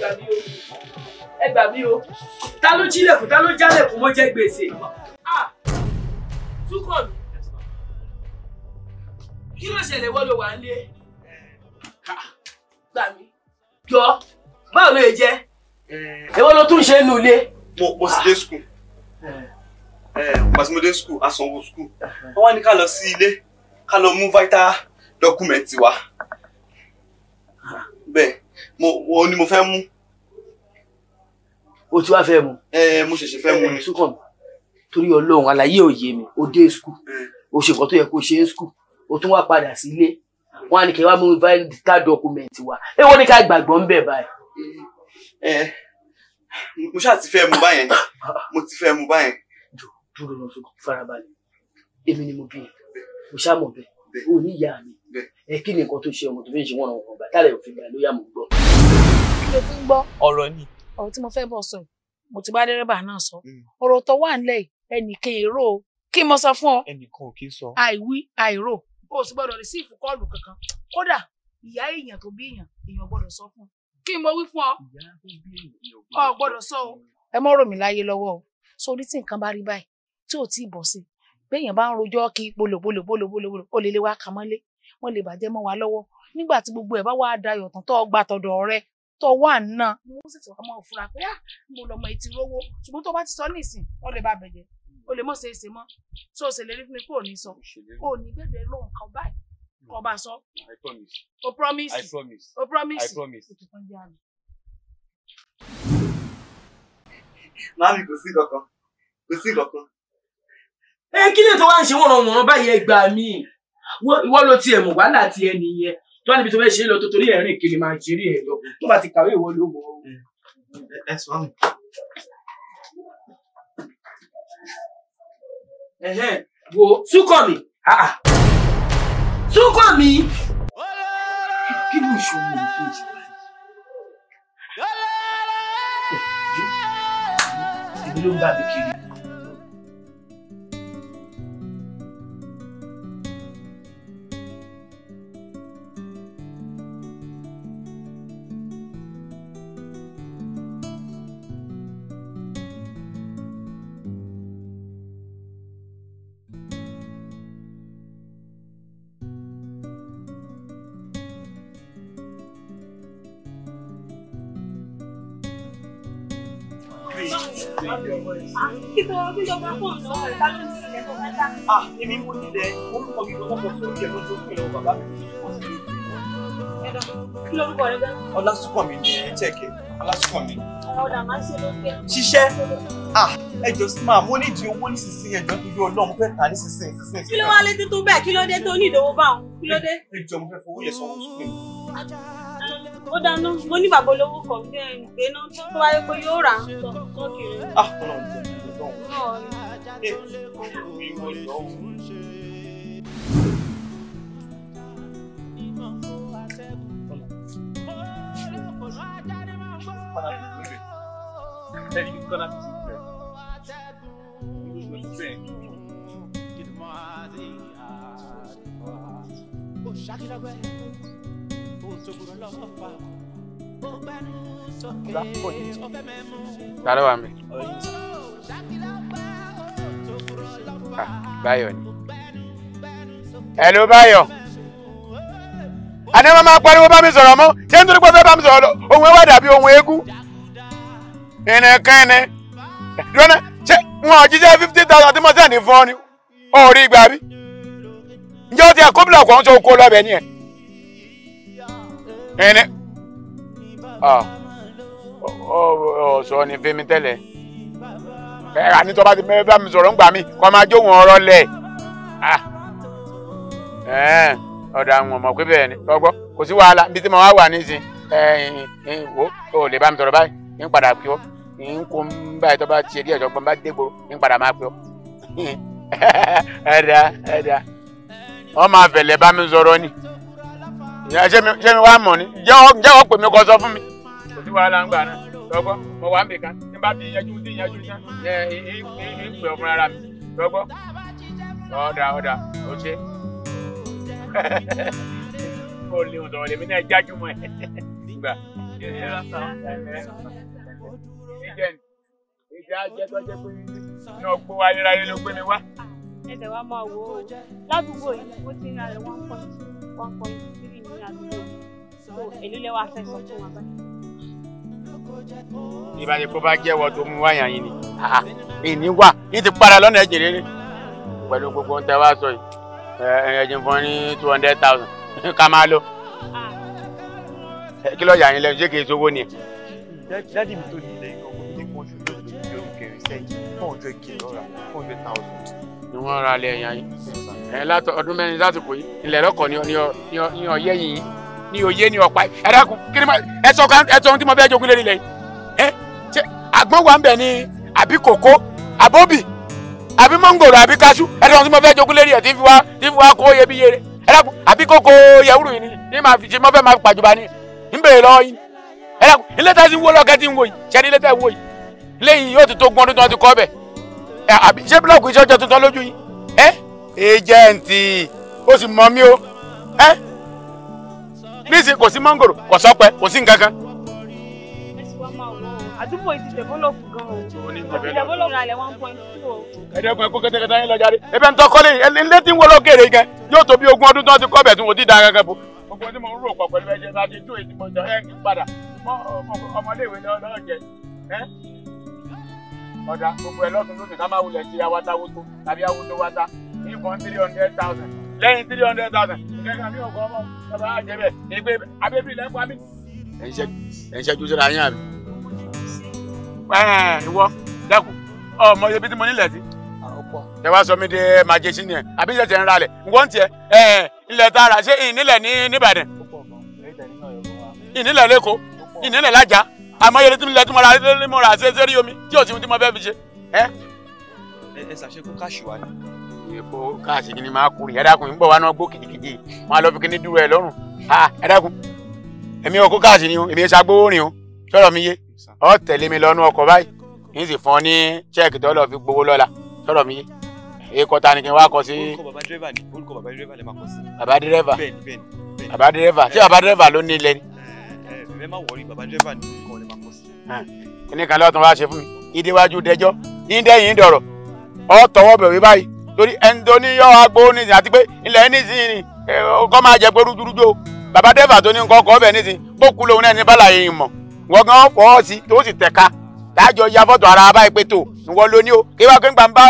gbà mí o ẹ gbà mí o ta ló jílẹ̀kùn ta ló jálẹ̀kùn mo jẹ gbèsè túkọ̀ mi kí ló ṣẹlẹ̀ wọ́n ló wà ń lé gbà mí jọ báwo ló yẹ jẹ́ èwo ló tún ṣe nù ilé. mo mo sì dé skul pàṣẹmọdé ah. eh, skul asanwó skul wọn wá ní ká lọ sí ilé ká lọ mú vital document wa ah. bẹ́ẹ̀ mo o ni mo fẹ́ mú. o ti wá fẹ́ mu. ẹ mo ṣẹ̀ṣẹ̀ fẹ́ mu ni. Súnkànmí torí Ọlọ́run àlàyé òye mi o dé skul o ṣe nǹkan tó yẹ kó ṣe é skul o tún wá padà sílé wọn á ní kí n wá mú ká dọkumẹ̀ntì wa èwo ni ká gbàgbọ́ ń bẹ̀ báyìí. ẹ mo ṣáà ti fẹ́ mu báyẹn mo ti fẹ́ mu báyẹn. jọ dúró lọ sókè farabalẹ̀ èmi ni mo bí mo ṣáà mọ̀ bẹ́ẹ̀ o ní ìyá mi ẹ kí ni nǹkan tó ṣe ọmọ tó fi ń ṣe wọ́n ọ̀rọ̀ ọ̀gbà tálẹ̀ òfin gbà lóyà mò ń gbọ́. kí ló fi ń gbọ́. ọ̀rọ̀ ni. ọ̀rọ̀ tí mo fẹ́ bọ̀ sọ yìí mo ti bá dẹ́rẹ́bà náà sọ mm. ọ̀rọ̀ tó wà ńlẹ̀ ẹnìkan èrò kí mo sọ fún ọ. ẹnìkan ò kí sọ. àìwí àìrò o sì gbọ́dọ̀ rí sí ìfúkọ́ọ̀lù kankan kódà ìyá èèyàn tó bí èèyàn èèyàn gbọ́dọ̀ sọ fún kí mo wí fún ọ ọ gbọ́dọ̀ sọ o. ẹ mọ rò mí láyé lọ́wọ́ o sórí tí nǹkan bá rí báyìí tí ò tí ì bọ̀ sí i béèyàn bá ń rojọ́ kí polòpolòpolòpolò ó lè lé wa kà wọ́n lè bàjẹ́ mọ́ wa lọ́wọ́ nígbà tí gbogbo ẹ̀ bá wá dayọ̀ tán tó gba tọ̀dọ̀ rẹ tó wà ná ni sì ah, ti wà mọ́ pé à ń bo lọmọ rówó ṣùgbọ́n tó bá ti sọ nísìn wọ́n lè bá bẹ̀jẹ̀ o lè mọ̀ ṣe é ṣe mọ́ tó o ṣèlérí fún mi kó o ní sọ kó o ní gbẹ̀dẹ̀ lóhùn kan báyìí kó o bá sọ. o promise. I kò sí kankan, kò sí kankan. Ẹ eh, kí lè tó wá ń ṣe wọ̀nà wọ̀nà báyìí ẹ gbà mí wọ́n ló tiẹ̀ mọ̀ wàhálà ti ẹni tó wà níbi tó fẹ́ ṣe é lọ tó torí ẹ̀rín kiri máa ṣe rí ẹ̀ lọ tó bá ti kàwé ìwọ ló mọ̀ ẹ sọ mi. wo súnkàn mi ah, ah. súnkàn mi kí ló ń báyìí èmi ló ń bá mi kiri. Ah, èmi mo nílẹ̀ orúkọ mi lọ́wọ́ kan sórí ẹ̀ lọ́jọ́ òkè lọ́wọ́ bàbá mi. Kí lorúkọ rẹ bẹ́ẹ̀? Ọlásùnkànmí ni ẹ jẹ́kẹ̀, Ọlásùnkànmí. Ọ̀dà máa ń ṣe lókè. Ṣiṣẹ́ ah ẹjọ sí máa mo nídìí owó nísinsìnyí ẹjọ tó yọ Ọlọ́run mo fẹ́ tà nísinsìnyí nísinsìnyí. kí ló wá lé tuntun bẹ́ẹ̀ kí ló dé tó ní ìdòwò bá òun kí ló dé. ẹjọ mo fẹ́ fowó yẹ sọ̀rọ̀ sókè ó dáná mo ní bàbá olówó kan fẹ́ gbéná tó wáyé pé yóò rà á sọ sókè ah Ọlọ́run Dale, Bambi. Ah, Báyọ̀ ni. Hello Bayo. Àní wọ́n máa pariwo bá mi sọ̀rọ̀ mọ́, ṣé nítorí pé fẹ́ bá mi sọ̀rọ̀ ohun ẹwà dàbí ohun eégún? Ìnìkànnì. Lọ́nà ṣé wọn ò jíjẹ́ fifty thousand tí mo sẹ́ni fún ọ ni? O rí ìgbà bí? Ǹjẹ́ o ti ẹ̀kọ́ bílọ̀ kọ́ ń sọ oko lọ́bẹ̀ Oh ẹ̀? Ìní. Ah. Ọ̀sọ̀ ni Fẹ́mi tẹ́lẹ̀ ẹ àní tó ti mẹ́fẹ́ bá mi sọ̀rọ̀ ń gbà mí kọ́ máa jó wọn ọ̀rọ̀ lẹ̀ ah. ọ̀dà àwọn ọmọ pé bẹ́ẹ̀ ni kò sí wàhálà bí tí mo wá wà nísìn wo ò lè bá mi sọ̀rọ̀ báyìí ń padà pé ọ́ ń kó báyìí tó bá tiẹ̀ díẹ̀ jọgbọ́n bá dé gbòòrò ń padà máa pé ọ́ ẹ̀dá ẹ̀dá wọ́n máa fẹ̀lẹ̀ bá mi sọ̀rọ̀ ni ṣé mi wá mọ̀ ni jẹ́wọ́ pè mí kó sọ fún mi kò sí wàhálà ń gbà náà lọ́gbọ́ mo wà mí kan tí n bá ti yanjú tí yanjú tán ẹ ẹ ẹ ń pè ọmọ ara mi lọ́gbọ́ ọ̀dà ọ̀dà ó ṣe kó lè ọ̀dọ̀ lèmi náà jájú mọ́ ẹ̀ gbà ẹ lọ́sàn ẹ̀ ẹ̀ ìjẹ́ ìjà jẹ́gbẹ́jẹ́ pé náà gbó wa ló gbé mi wá. ẹ tẹ̀ máa wò ó ládùúgbò yìí ó ti ń ra rẹ̀ one point one point three ní àdúgbò so lẹ́wọ̀ afẹ́sọ̀ fún wa báyìí ìbá ni kó bá jẹ́wọ́ tó mú wáyà yín ni ìní wà ní ti para lọ́nà ẹ̀jẹ̀ rere pẹ̀lú gbogbo ohun tẹ́ wá sọ yìí ẹ̀jẹ̀ fún ní two hundred thousand ká máa lọ kí lọ́ọ̀yà yín lẹ́nu ṣé kì í sówó ni. dádì mi tó nílẹ̀ ìkọ̀kọ̀ ní kí wọ́n ṣe lóṣù tí yóò kéré sẹ́yìn four hundred k lọ́ra four hundred thousand. ni wọ́n ra ilẹ̀ yẹn yín ẹ̀ látọ̀ ọdún mẹ́rin lásìkò yìí ilẹ̀ lọ́kọ̀ ni ọ̀yẹ́yìn yìí ni òye ni ọ̀pá ẹ dákun kí ni ma ẹ sọ kan ẹ sọ ohun tí mo fẹ́ jogún lérí lẹ ẹ ṣe àgbọn wà ń bẹ ni àbí kòkó àbóbì àbí mọ́ngòrò àbí kaṣú ẹ sọ ohun tí mo fẹ́ jogún lérí ẹ tí fi wá tí fi wá kó iyebíye rẹ ẹ dákun àbí kòkó yẹwúrú yìí ni ní ma fi ṣe mo fẹ́ ma pàjùbà ni ń bèrè lọ yìí ẹ dákun ilé tá ti wó lọ́kẹ́ ti ń yìí ṣẹ́ni ilé tá a yìí nísìnyí kò sí mọ́ngòrò kò sọ́pẹ́ kò sí nǹkan kan. àdúgbò yìí ti dẹ̀bọ́lọ̀pù gan-an o dẹ̀bọ́lọ̀pù ralẹ̀ one point two o. ẹ̀ẹ́dẹ́gbọ̀n ẹ̀kú kẹ́tẹ́kẹ́tẹ́ ayé lọ́jà rí ẹ̀bẹ̀ ń tọ́kọ́lé ilé tí ń wọlé òkèèrè gan yóò tó bí ogún ọdún tó ti kọ́ bẹ̀ tún wò ti da kankan bò. gbogbo ẹni mò ń rò pọ̀ pẹ̀lú ẹ̀jẹ̀ láti dún èyí mo jọ ẹ̀ ń padà ọmọléèwé lọ́ọ́ jẹ ọ̀dà gbogbo ẹ̀ lọ́tún lẹ́yìn three hundred thousand kẹ̀kẹ́ mi ò kọ́ ọmọ bàbá àjẹbẹ̀ ẹgbẹ́ abébí lẹ́kọ́ mi. ẹ ń ṣe ẹ ń ṣe ju síra yín àbí. ìwọ dẹ́kun ọmọ ibi tí mo nílẹ̀ sí. ẹ wá sọ mí di màjèṣin ni ẹ àbí ṣẹ̀ṣẹ̀ ń ralẹ̀ nǹkan tiẹ̀ ilẹ̀ tá a rà ṣé ìnílẹ̀ ní nìbàdàn ìnílẹ̀ lẹ́kọ̀ọ́ ìnílẹ̀ lájà àmọ́ yẹlẹ tí mo lẹ tí mo ra tí mo ṣe é sẹ́rí omi tí ò sí mo fẹ́ fi ṣe. ẹ ẹ ṣàṣekú káṣíwá epo káàsì kí ni máa kúrì ẹ̀dákun ń bọ̀ wá náà gbó kìjìkìjì wọn lọ fi kí dúró ẹ lọ́rùn ẹ̀dákun èmi ò kó káàsì ni o èmi ṣe agbowó rìn o sọ̀rọ̀ mi yé ọ tẹ̀lé mi lọ́nu ọkọ̀ báyìí n fún ọ ní ṣẹ́ẹ̀kì tó lọ́ọ́ fi gbowó lọ́la sọ̀rọ̀ mi yé èkó ta ni kí n wá kọ sí. bàbá dírẹ́fà ni bàbá dírẹ́fà lè máa kọ sí. bàbá dírẹ́fà bàbá dírẹ́fà ṣé bàbá dírẹ́fà ló ní ilẹ̀ ni. ẹ má wọrí bàbá dírẹ́fà ni orúkọ lè máa kọ sí. kíní kan lọ́tún wá ṣe fún mi ìdíwájú dẹjọ́ yín dẹ́yìn dọ̀rọ̀ ọ tọwọ́ bẹ̀rẹ̀ báyìí torí ẹni tó ní yọ agbo nísìn àti pé ilẹ̀ nísìn kọ́ máa jẹ pé rújúrújó bàbá dẹ́fà tó ní nǹkan ọkọ̀ ọbẹ̀ nísìn bó kú lòun náà ní bàlà yìí mọ̀ wọ́n gan fọ́ ọ sí tó sì tẹ̀ka táàjọ ya fọ́tò ara báyìí pé tó ìwọ ló ní o kí wá kéńgbà ń bá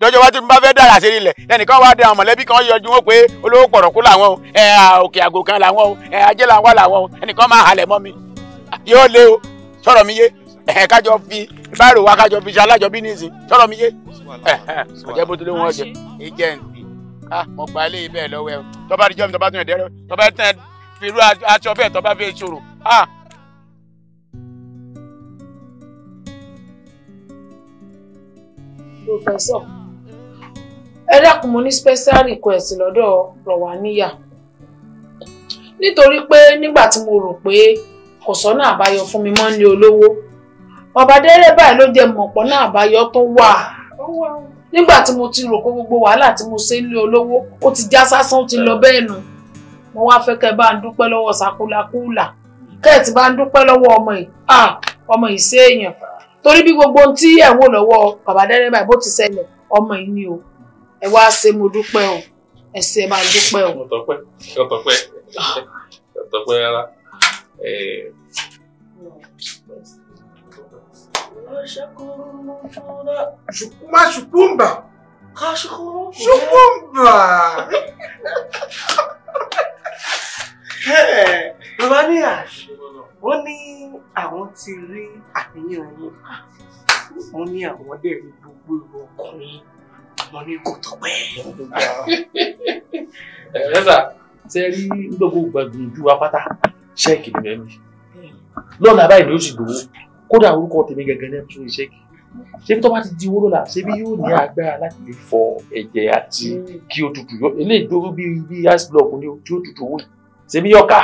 lọ́jọ́ wájú ń bá fẹ́ dára sí ilẹ̀ ẹnìkan wá dé àwọn mọ̀lẹ́bí kan yọjú wọn pé olówó pọ̀rọ̀kú làwọn o ẹ òkè àgò kan làwọn o ẹ ajé làwọn làwọn o ẹnìkan máa halẹ̀ mọ́ mi yóò lé o sọ̀rọ̀ mi yé ẹ kájọ fi báyìí wá kájọ fi ṣe alájọbí nísìn sọ̀rọ̀ mi yé ọjọ́ eh, eh, bó tilé wọn jẹ ìjẹ́ ǹtì ah, mo gba ilé ibẹ̀ lọ́wọ́ ẹ tó bá dijọ́ mi tó bá tún ẹ̀ dẹ́rẹ́ tó bá tẹ̀ fi irú aṣọ bẹ́ẹ̀ tó bá fi ṣòro. Ah. Professor ẹ dákun mo ní special request lọ́dọ̀ Rọ̀wáníyà nítorí pé nígbà tí mo rò pé kò sọ́nà àbáyọ fún mi mọ́ ní olówó ọba dẹ́rẹ́bà ló jẹ mọ̀pọ̀ náà àbáyọ tó wà nígbà tí mo ti rò pé gbogbo wàhálà tí mo ṣe nílé olówó ó ti já sásán ó ti lọ bẹ́ẹ̀ nù mo wá fẹ́ kẹ́ ẹ bá ń dúpẹ́ lọ́wọ́ sakúlakúlà kẹ́ ẹ ti bá ń dúpẹ́ lọ́wọ́ ọmọ yìí ọmọ yìí ṣe èèyàn torí bí gbogbo ohun tí ẹ̀ ń wò lọ́wọ́ bàbá dẹ́rẹ́bà bó ti ṣẹlẹ̀ ọmọ yìí ni o ẹ wá ṣe mo dúpẹ́ o ẹ ṣe máa dúpẹ́ o. ọ̀tọ̀pẹ́ ọ̀tọ̀pẹ́ ọ̀tọ̀pẹ́ rárá Shukuma Shukumba. Ah, Shukumba. Shukumba. Bàbá ní àṣẹ, wọ́n ní àwọn ti rí àníyàn yín. Wọ́n ní àwọn dẹ̀ rí gbogbo ìwọ ọkùnrin. Wọ́n ní kò tọ́pẹ́. Ẹ̀rẹ́sà, ṣe rí gbogbo gbàgbọ́n ju apáta ṣẹ́ẹ̀kì nìyẹn mi. Lọ́nà àbáyé ni ó sì gbowó kódà orúkọ tèmi gẹ́gẹ́ ní ẹ̀mí sórí ṣẹ́ẹ̀kì ṣébi tó bá ti di owó lọ́la ṣébi yóò ní agbára láti lè fọ ẹ̀jẹ̀ àti kí o tutù yọ eléyìí dúró bí bí ice block ní o tí o tutù owó ṣébi yọ ká.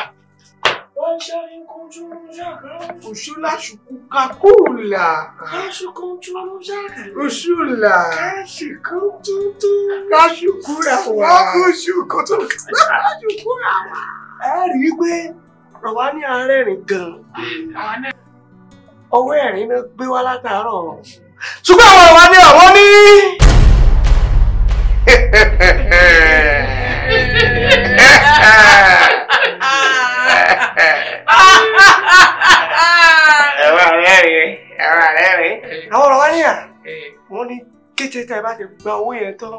Òṣùlà ṣùkúkà kúùlà. Káṣùkún túnú yàrá. Òṣùlà. Káṣùkún tuntun. Káṣùkúra wà. Káṣùkún tuntun. Káṣùkúra wà. Ẹ rí i pé àwa ní arẹ́rìn gan-an ọwọ́ ẹ̀rín ló gbé wá látàárọ̀ ṣùgbọ́n àwọn àwọn ni àwọn ní. ẹ̀rọ rẹ̀ rẹ̀ ẹ̀rọ rẹ̀ rẹ̀. àwọn ọ̀rọ̀ wá níyà wọ́n ní kété tá ẹ bá ti gba owó yẹn tán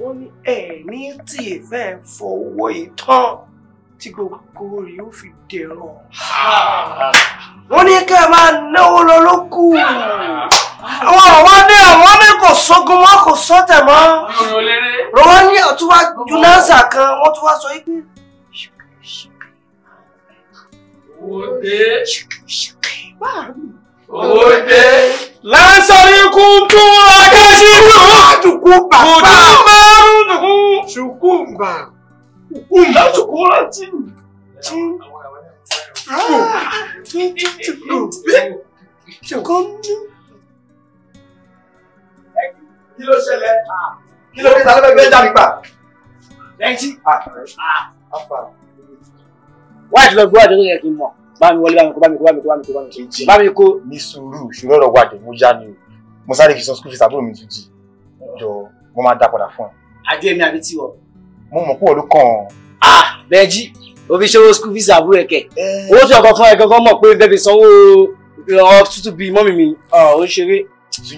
wọ́n ní ẹ̀ ní tí ì yìí tán tí gbogbo rẹ̀ yóò fi dẹ̀rọ̀. wọ́n ní kẹ́ ẹ máa náwó lọ ló kù. àwọn àwọn ní àwọn ní kò sógun mọ́ kò sọ́tẹ̀ mọ́. wọ́n ní ọ̀tún wá jùnáṣà kan wọ́n tún wá sọ yí pé. òde lásán ikú tún ọjọ́ sí ìlú. àdùkú bàbá. kò máa ń dùn. ṣùkú bàbá láti kó láti ṣèkan ní. kí lọ gbọ́ àdéhùn yẹn kí n mọ̀ bá mi wọlé bá mi kó bá mi kó bá mi kó bá mi kó bá mi kó bá mi kó. ní sùúrù ṣùgbọ́n ọ̀rọ̀ wà mo já ni o mo sáré fi san school fees àbúrò mi tún jí jọ mo máa dá padà fún ẹ. adé mi àbí tiwọ mo mọ̀ pọ̀ ló kàn án. ah Bẹ́ẹ̀jì o fi ṣe owó school visa àbúrò ẹ̀kẹ́ eh. owó tí ọkọ̀ fún ẹ gangan mọ̀ pé bẹ́ẹ̀ fi sanwó ìrànwọ́ tútù bíi mọ́mì mi ah, ò ń ṣeré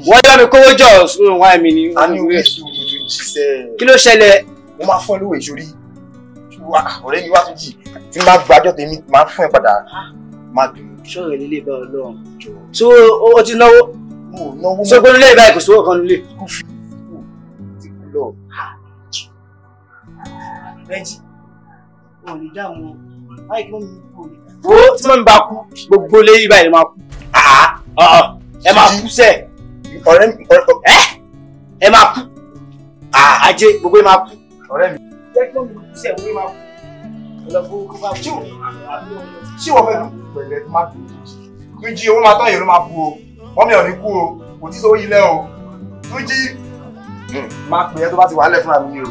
wọ́n yá mi kówó jọ sórí wáyé mi ni. a ní orí èso tuntun ṣiṣẹ́. kí ló ṣẹlẹ̀. mo máa fún ẹ lówó ìṣòrí ọ̀rẹ́ mi wá tún jì tí n bá gbàjọ́ tèmi máa fún ẹ padà má bínú. sọ̀rọ̀ ilé bá ọlọ́run tó o ti náwó. mo náwó mọ́. sọ pé ilé ìbá ìkòsówó kan lè. Rẹ́jì, wọn ò ní dààmú wọn. Báyìí kí wọ́n mú kú òní. Wo tí wọ́n bá kú, gbogbo ilé yìí báyìí máa kú. Ẹ máa kú sẹ̀. Ọ̀rẹ́ mi ọ̀rẹ́ ẹ máa kú. Ajé gbogbo ẹ máa kú. Ọ̀rẹ́ mi. Jẹ́ kí wọ́n mú kú sẹ̀, wọ́n máa kú. Ṣé wọ́n fẹ́ kú? Pẹ̀lẹ́ owó máa tán yìí ló máa kú o. Wọ́n mi ò ní kú o. Kò tí sówó yìí lẹ́ o. Túnjí hmm. máa pè é tó bá ti wà á lẹ̀ fúnra mi ni o.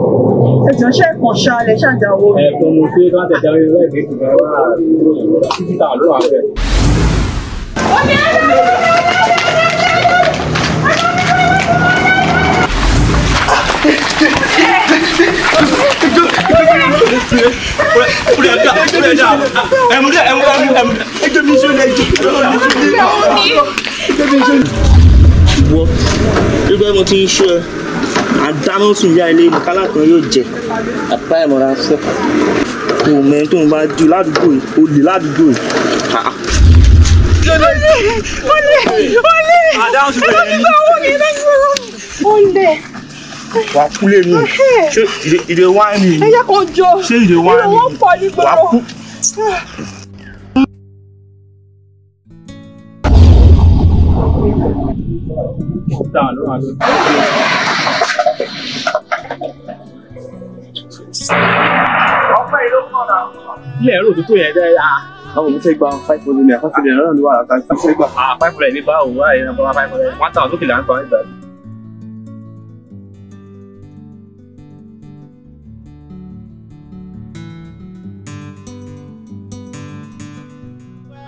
ẹjọ ṣe kàn ṣá lẹ ṣàjà owó. ẹ kò mọ̀ pé ká tẹ̀jà orí rẹ̀ gbé kùgbà wá títí tá a ló wà bẹ́ẹ̀. Ìwọ, ìgbà ẹ̀mọ́ ti ń ṣú ẹ àdámọ́ sùn yá ilé kálá kan yóò jẹ àpá ìmọ̀ra fẹ́ kò mẹ́rin tó ń bá ju ládùúgbò yìí ó lè ládùúgbò yìí. olè olè olè àdámọ́ sùn bẹ̀rẹ̀ ní. olè wà á kú lé mi ṣé ìdè wáìnì ni ẹ̀yà kan jọ ṣé ìdè wáìnì ni wà á kú. Tá, não, não. ilé ẹ̀rọ òtútù yẹn dẹ́ ya. báwo mo fẹ́ gba five hundred naira five hundred naira náà ló wà láta fún fẹ́ gbà. five hundred ní báwo wá yẹn bá five hundred one thousand lókè là ń gbà nígbà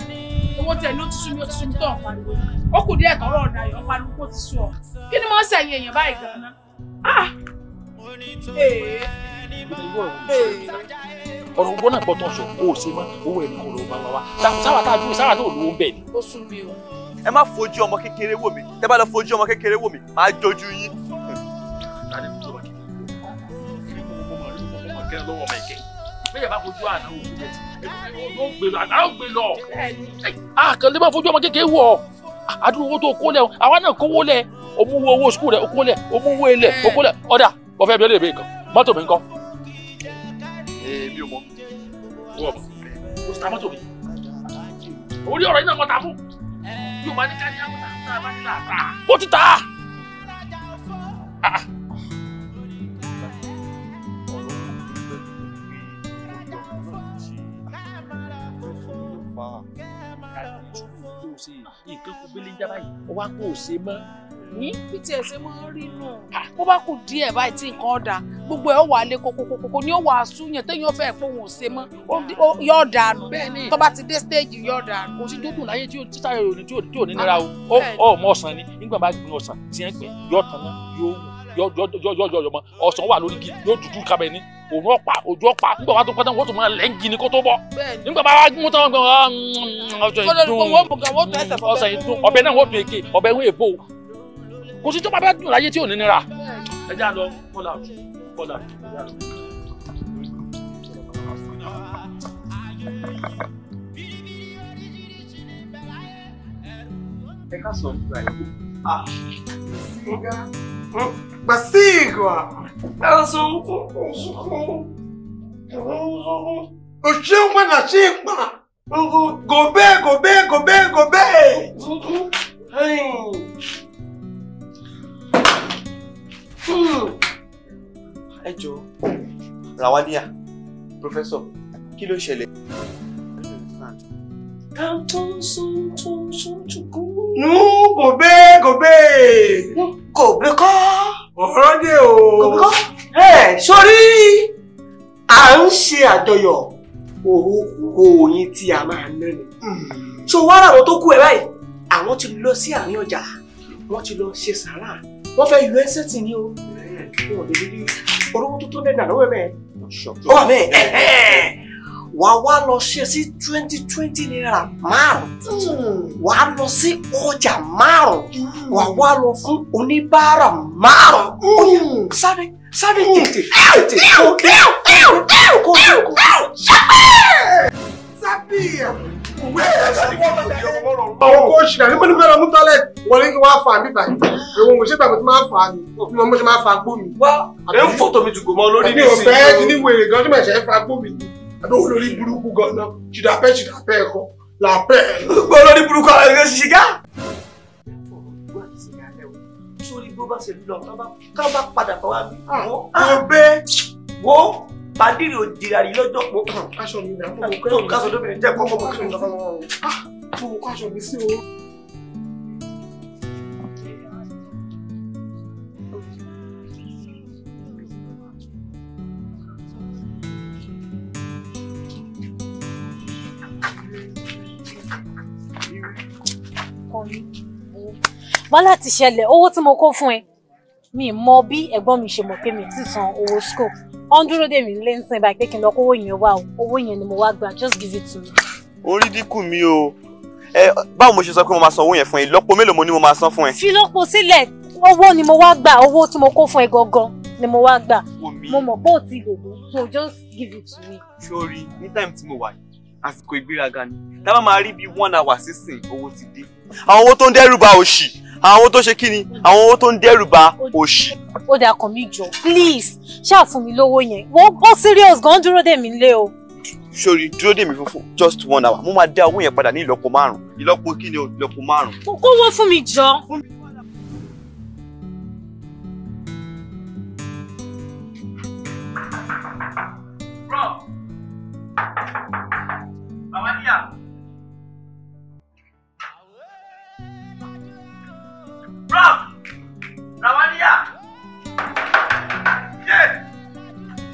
yìí. owó tẹ ló ti sún ló ti sún tó ọ̀pá ló ó kù díẹ̀ tọrọ ọ̀dà yọ̀ ọ̀pá ló kó ti sún ọ kí ni mo ń sẹ̀yìn èèyàn báyìí gan-an. Ah! ọ̀rọ̀ gbọ́n náà gbọ́tọ̀ sọ kó o ṣe mọ́ owó ẹ̀rí kò lówó bá wa sáwà tá a dúró sáwà tó lówó ń bẹ̀ ni. ó sún mi o. ẹ má fojú ọmọ kékeré wò mí tẹ bá lọ fojú ọmọ kékeré wò mí máa jọjú yín. àkànlé fojú ọmọ kékeré wò ọ àdúrà owó tó kó lẹ àwa náà kówó lẹ òmùwò owó sukùl rẹ òkó lẹ òmùwò ilẹ òkó lẹ ọdà ọfẹ bẹ̀rẹ̀ bẹ nǹkan mọ́tò mi nǹkan wọ o sì ta mọ́tò mi orí ọ̀rọ̀ yìí náà mo ta fún yóò máa ní ká ní àwọn tá a bá ní là ó ti ta. Wow ṣe nǹkan kò gbélé jábá yìí ó wá kó o ṣe mọ́. ní bí tiẹ̀ máa ń rí nù. bó bá kù díẹ̀ báyìí tí nǹkan ọ̀dà gbogbo ẹ̀ ó wà lé kokokokoko ni ó wà á súnyàn téèyàn fẹ́ pé òun ò ṣe mọ́ yọ̀ dànù tó bá ti dé stéèjì yọ̀ dànù. kò sí dúdú láyé tí títà yòrò ní tí ò ní nira ah! o ó mọ̀ ọ̀sán ni nígbà bá gbin ọ̀sán tí ẹ yọ̀ tán náà yóò wù yọjọjọjọ mọ ọsàn wà lórí igi yóò dúdú kábẹ ní òun ọ̀pá ojú ọ̀pá nígbà wàá tó pátá wọ́n tún máa lẹ́ǹgì ni kó tó bọ́ nígbà bá wàá mú táwọn gbọ̀ngàn ah, mm, mm, ọ̀sẹ̀ ìdún ọ̀bẹ náà wọ́n tún èké ọ̀bẹ ń èbó kò sí tó bá bá dùn láyé tí ò ní nira. ẹ já lọ kọlà ẹ ká sọ nígbà basigwa um ushingwa na shingwa gobe gobe gobe gobe hey Joe, Rawaniya professor kí ló ṣẹlẹ̀. nú gobe gobe gobe ka ọ̀rọ̀ o. kọ́kọ́ ẹ sórí à ń ṣe àjọyọ̀ òòyìn tí a máa ná ni. Hmm. so wá àwọn tó kú ẹ báyìí àwọn ti lọ sí àárín ọjà wọ́n ti lọ ṣe sàárà wọ́n fẹ́ yọ ẹsẹ̀ tì ní o. Hmm. orúkọ tó tó dẹ̀ nà lọ́wọ́ mẹ́ẹ̀. ọwọ́ mẹ́ẹ̀ wà wá lọ ṣe sí twenty twenty naira márùn-ún hmm. wà á lọ sí ọjà márùn-ún hmm. wà wá lọ fún oníbàárà márùn-ún hmm. sáré sáré tètè tètè kó kó kó kó ọkọ ṣìnà ní mọ́nìmọ́ ọmú tọ́lẹ̀ wọlé kí wọ́n á fa mi báyìí òun kò ṣe tàbí tí máa fa mi òfin ṣe máa fa gbó mi. wá àbẹ̀ ń fọ́tò mi jùgò mọ́ lórí ní ìsìn. mi ò fẹ́ ní wèrè gan-an tí màá ṣe é fa gbó mi àbí olórí burúkú gan-an ṣìdàpẹ́ ṣìdàpẹ́ ẹ̀kọ́ làpẹ́. gbogbo olórí burúkú àwọn ẹgbẹ́ ṣìṣìgá. sórí bó bá ṣe lọ ká bá padà bá wá bí. àwọn ọbẹ̀ wo bàdìrì òjìrà rí lọ́jọ́ pọ̀. aṣọ mi ni àpò ah, kẹ́hìn. tó kásọ̀ tó bẹ̀rẹ̀ jẹ́ wàhálà ti ṣẹlẹ̀ owó tí mo kó fún ẹ mi mọ bí ẹ̀gbọ́n mi ṣe mọ̀ pé mi ti san owó school ó ń dúró dè mí lé ń sin báyìí pé kí n lọ kówó yẹn wá owó yẹn ni mo wá gbà just give it to me. orí dínkù mi o ẹ báwo mo ṣe sọ pé mo máa san owó yẹn fún ẹ ìlọ́po mélòó mo mo máa san fún ẹ. fi lọ́po sílẹ̀ owó ni mo wá gbà owó tí mo kó fún ẹ gangan ni mo wá gbà mo mọ̀ pé ò ti lè so just give it to me. sori ní time tí mo wà yìí àsìkò ìgbéraga ni tá a bá máa rí bíi one hour sísìn owó ti dé àwọn owó tó ń dẹ́rù bà òṣì àwọn tó ṣe kíni àwọn owó tó ń dẹ́rù bà òṣì. ó dà kàn mí jọ please ṣáà fún mi lówó yẹn wọ́n bọ́ serious gan dúró dè mí lé o. sori dúró dè mí fún just one hour mo máa dá owó yẹn padà ní ìlọ́po márùn ìlọ́po kíni o ìlọ́po márùn. kó wọ́n fún mi jọ. Bro, Rawaniya. Yeah.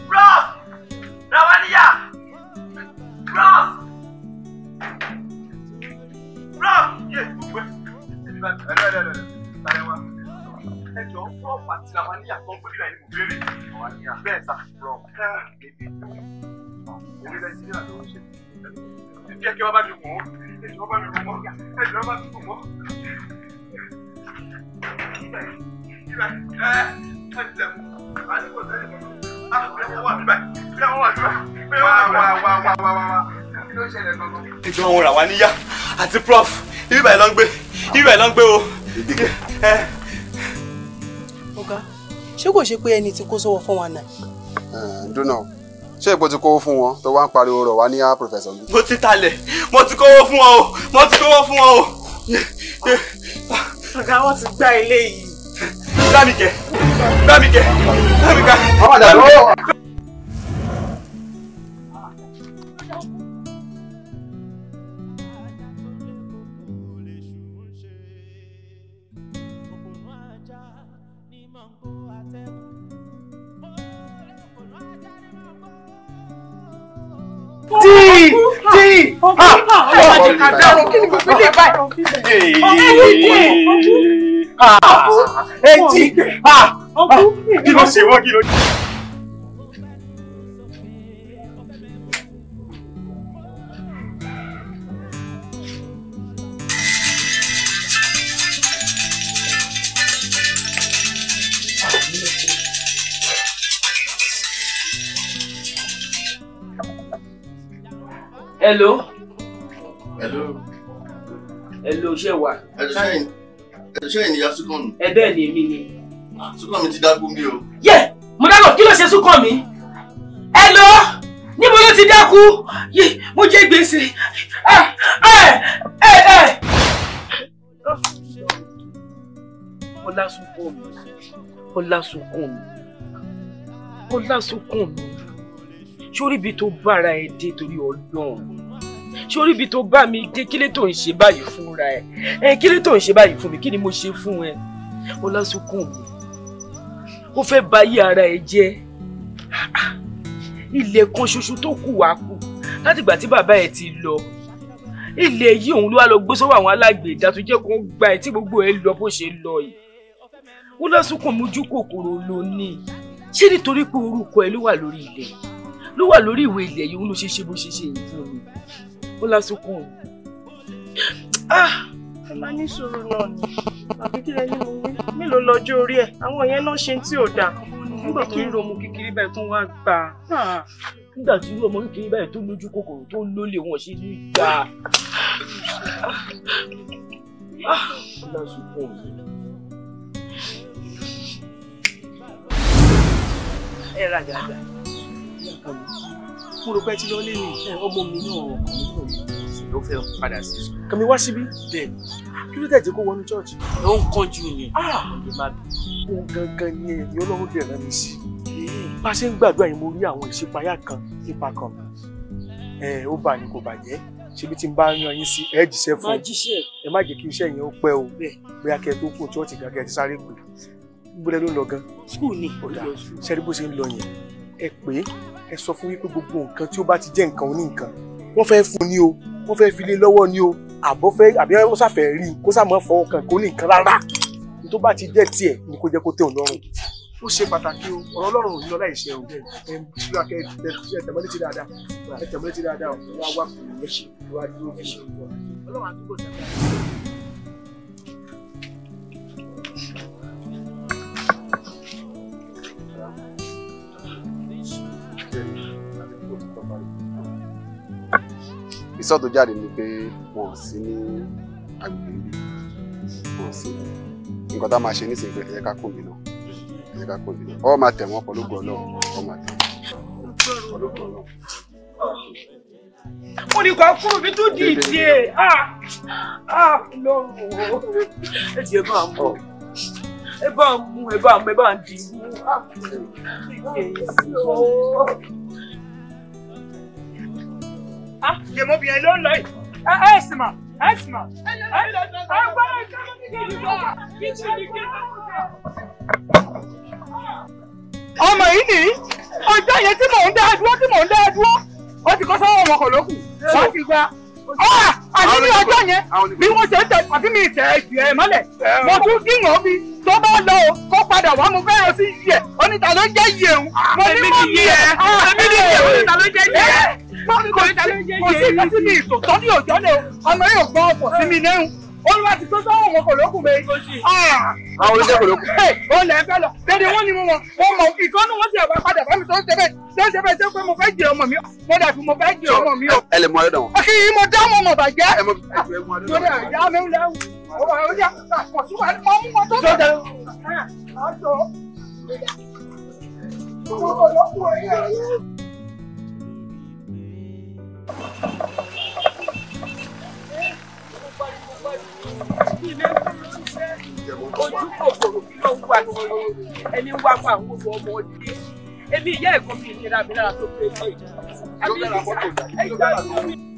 Cross. Rawaniya. Cross. Cross. Yeah. Thank you ìlà ìkẹ́ wọ́n ti lẹ̀kùn àdúgbò sẹ́yìn mọ́ ìjọ òun rà wá níyà àti prof ibi ìbàyẹ̀ ló ń gbé ibi ìbàyẹ̀ ló ń gbé o. ọ̀gá ṣé kò ṣe pé ẹni tí kó sọ́wọ́ fún wa náà. dúnà ṣé ìpò ti kówó fún wọn tó wá ń pariwo rọ̀ wá ní á mi. mo ti talẹ̀ mo ti kówó fún wọn o mo ti kówó fún wọn o. ọ̀gá wọn ti gbá ilé yìí dábì jẹ dábì jẹ dábì ká. àwọn àdàlọ́. tí tí ah ọmọ ìkàdá ló Etí kí ló ṣe wọ́n kí ló. Hello. Hello ẹ ló ṣe wà. ẹ̀ṣẹ̀ ènìyàn súnkàn mi. ẹ bẹ́ẹ̀ ni èmi ni. Ah, súnkàn mi ti dákun bí o. yẹ mo dákun kí ló ṣe súnkàn mi. ẹ lọ níbo ló ti dákun yìí mo jẹ gbèsè. ẹ ẹ ẹ ẹ. mo lásùnkàn mi mo lásùnkàn mi mo lásùnkàn mi sórí ibi tó bára ẹ dé torí Ọlọ́run sórí ibi tó bá mi dé kílé tó ń ṣe báyìí fúnra ẹ ẹ kílé tó ń ṣe báyìí fún mi kí ni mo ṣe fún ẹ ọlásùnkùn mi ó fẹ́ bà yí ara ẹ jẹ́ ilẹ̀ kan ṣoṣo tó kù wá kù látìgbà tí bàbá ẹ ti lọ ilẹ̀ yìí òun ló wá lọ gbé sọ́wọ́ àwọn alágbèédá tó jẹ́ kó ń gba ẹ tí gbogbo ẹ lọ bó ṣe lọ yìí ọlásùnkùn mi ojú kòkòrò ló ní ṣé nítorí pé orúkọ ẹ ló wà lórí ilẹ̀ ló wà lórí ìwé ilẹ̀ yìí òun ló ṣe ṣe bó ṣe ṣe yìí fún mi bọ́lá sunkún o ah! ẹ máa ní sùúrù náà ni àbí kí lẹni mo wí mélòó lọ́jọ́ orí ẹ̀ àwọn yẹn náà ṣe tí ò dáa nígbà tó ń lo ọmọ kékeré báyìí tó ń wá gbà á ah! nígbà tí irú ọmọ kékeré báyìí tó lójú kòkòrò tó lólè wọn ṣe ní gbà á ah! bọ́lá sunkún o. Era grande mo rò pé ti lọ lé mi ọmọ mi náà ọkùnrin náà sì ló fẹ́ padà sí sùn. kàmi wá síbí. bẹ́ẹ̀ni kí ló tẹ̀jẹ̀ kó wọnú church. ló ń kánjú yẹn. ọ̀dẹ má bì. ohun gangan ni èyí ọlọ́run bẹ̀rẹ̀ mi sí. bá a ṣe ń gbàdúrà yìí mo rí àwọn ìṣípayá kan nípa kan. ẹ ó bà ní kò bàjẹ́ ṣebí tí n bá yan yín sí ẹ jíṣẹ́ fún ẹ má jẹ́ kí iṣẹ́ yẹn ó pẹ́ o bóyá kẹ́ ẹ tó kú church gàgẹ́ ẹ ti sáré pè gbọ́dọ̀ ló ń lọ gan. skul ni ó lọ sẹ́ni bó ṣe ń lọ yẹn ẹ pè é ẹ sọ fún wípé gbogbo nǹkan tí ó bá ti jẹ́ nǹkan oní nǹkan wọ́n fẹ́ fún ni o wọ́n fẹ́ fi lé lọ́wọ́ ni o àbọ̀ fẹ́ àbí ó ṣàfẹ́ rí i kó sàmọ́ fọwọ́ kan kó ní nǹkan rárá tó bá ti jẹ́ tiẹ̀ ni kó jẹ́ kó tẹ̀ ọ́ lọ́rùn ó ṣe pàtàkì o ọ̀rọ̀ ọlọ́run ò ní lọ láì o ẹ ń bí wákẹ́ ẹ tẹ̀mọ́ létí dáadáa ẹ tẹ̀mọ́ létí dáadáa ọ̀hún wá wá kò ní ṣe wá dúró fún ṣe ọlọ́run àdúgbò tẹ̀mọ́. ìsọ́ tó jáde ni pé wọ́n sí ní agbègbè ibi wọ́n sí nǹkan tá a máa ṣe nísìnyí pé ẹ̀yẹ́ ká kò mí lọ ẹ̀yẹ́ ká kò mí lọ ọ́ máa tẹ̀ wọ́n pọ̀ lógo ọlọ́run ọ́ máa tẹ̀ wọ́n pọ̀ lógo ọlọ́run. mo ní kó kúrò mi tún di ìdí ẹ̀ áà lọ́rùn o ẹ jẹ́ máa mọ̀ ẹ bá ń mú ẹ bá ń mú ẹ bá ń dì í mú. Yèmọ̀ ah, obìnrin ló ń lọ yìí. esma ẹ sì mà ẹ sì mà. Ẹ gbọ́ ẹ̀ka ló ní kí n bá kí n ṣe ní kí n bá. Ọmọ yìí nìyí, ọjọ́ yẹn tí mò ń dá dúró tí mò ń dá dúró, ó ti kọ́ sọ́wọ́ ọmọ kọ̀ wọ́n ti gba àti ní ọjọ́ yẹn bí wọ́n ṣe ń tẹ àbí mi tẹ ẹ̀jù ẹ̀ mọ́lẹ̀ mo tún gíngàn bí tó bá lọ o kó padà wá mo fẹ́ràn sí yẹ oníta ló jẹ́ yẹun mo ní mọ̀ mi ẹ̀ ẹ̀mí ni yẹ ah, oníta ló jẹ́ yẹ kò sí ìtọ́sí mi ìtòtọ́ ní òjọ́ lè ọmọ yóò gbọ́ ọ̀pọ̀ sí mi náà olúwa ti tó sọ́wọ́ wọn kò lókùn bẹ́ẹ̀. Ah! àwọn oníṣẹ́ kò lókun. ó lẹ̀ ń fẹ́ lọ dédé wọ́n ní ojú ìyá ẹ̀kọ́ mi ìnira mi lára tó pé lé àbí ìgbà ẹ̀yìn bá mi.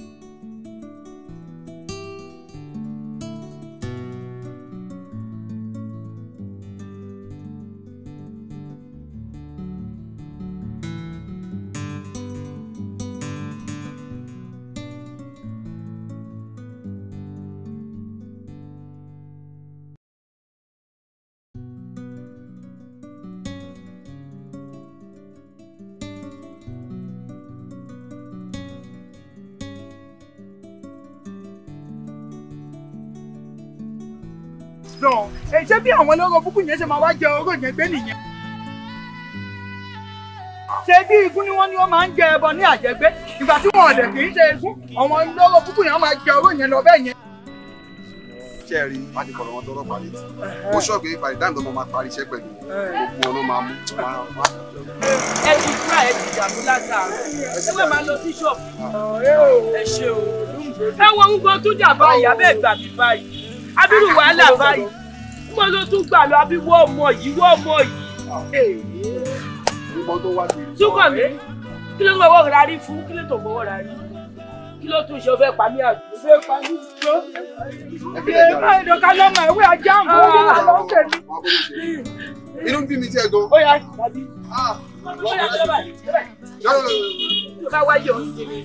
ṣé bí àwọn olóró búkú yẹn ṣe máa wá jẹ oró yẹn gbé nìyẹn. ṣé bí igún ni wọ́n ní wọ́n máa ń jẹ ẹbọ ní àjẹgbé ìgbà tí wọn ọ̀dẹ̀ kì í ṣe igún àwọn olóró búkú yẹn máa jẹ oró yẹn lọ bẹ́ẹ̀ yẹn. ṣé rí pàdé wọn tọrọ parí tí mo ṣọ́ọ̀bù yìí parí dáńgọ́ mo máa parí iṣẹ́ pẹ̀lú gbogbo ọ̀nà máa mú. ẹ ti kúrà ẹ ti dàmú látàárọ̀ ẹ ẹ mo ló tún gbà lọ àbí wọ́n mọ yìí wọ́n mọ yìí. túkọ̀ mi kí ló ń gbọ́wọ́ ra rí fún kí ló tó gbọ́wọ́ ra rí kí ló tún ṣe o fẹ́ pa mí àgbò. o fẹ́ pa mí jọ. ẹ dọ̀ka lọ́mọ ìwé ajá ń bọ̀ ọ́ ló tẹ̀lé. inú bí mi tiẹ̀ gan. ó yà tàbí. Ah, ó yà jọba jọba. tó bá wáyé ọ̀ ń sinmi.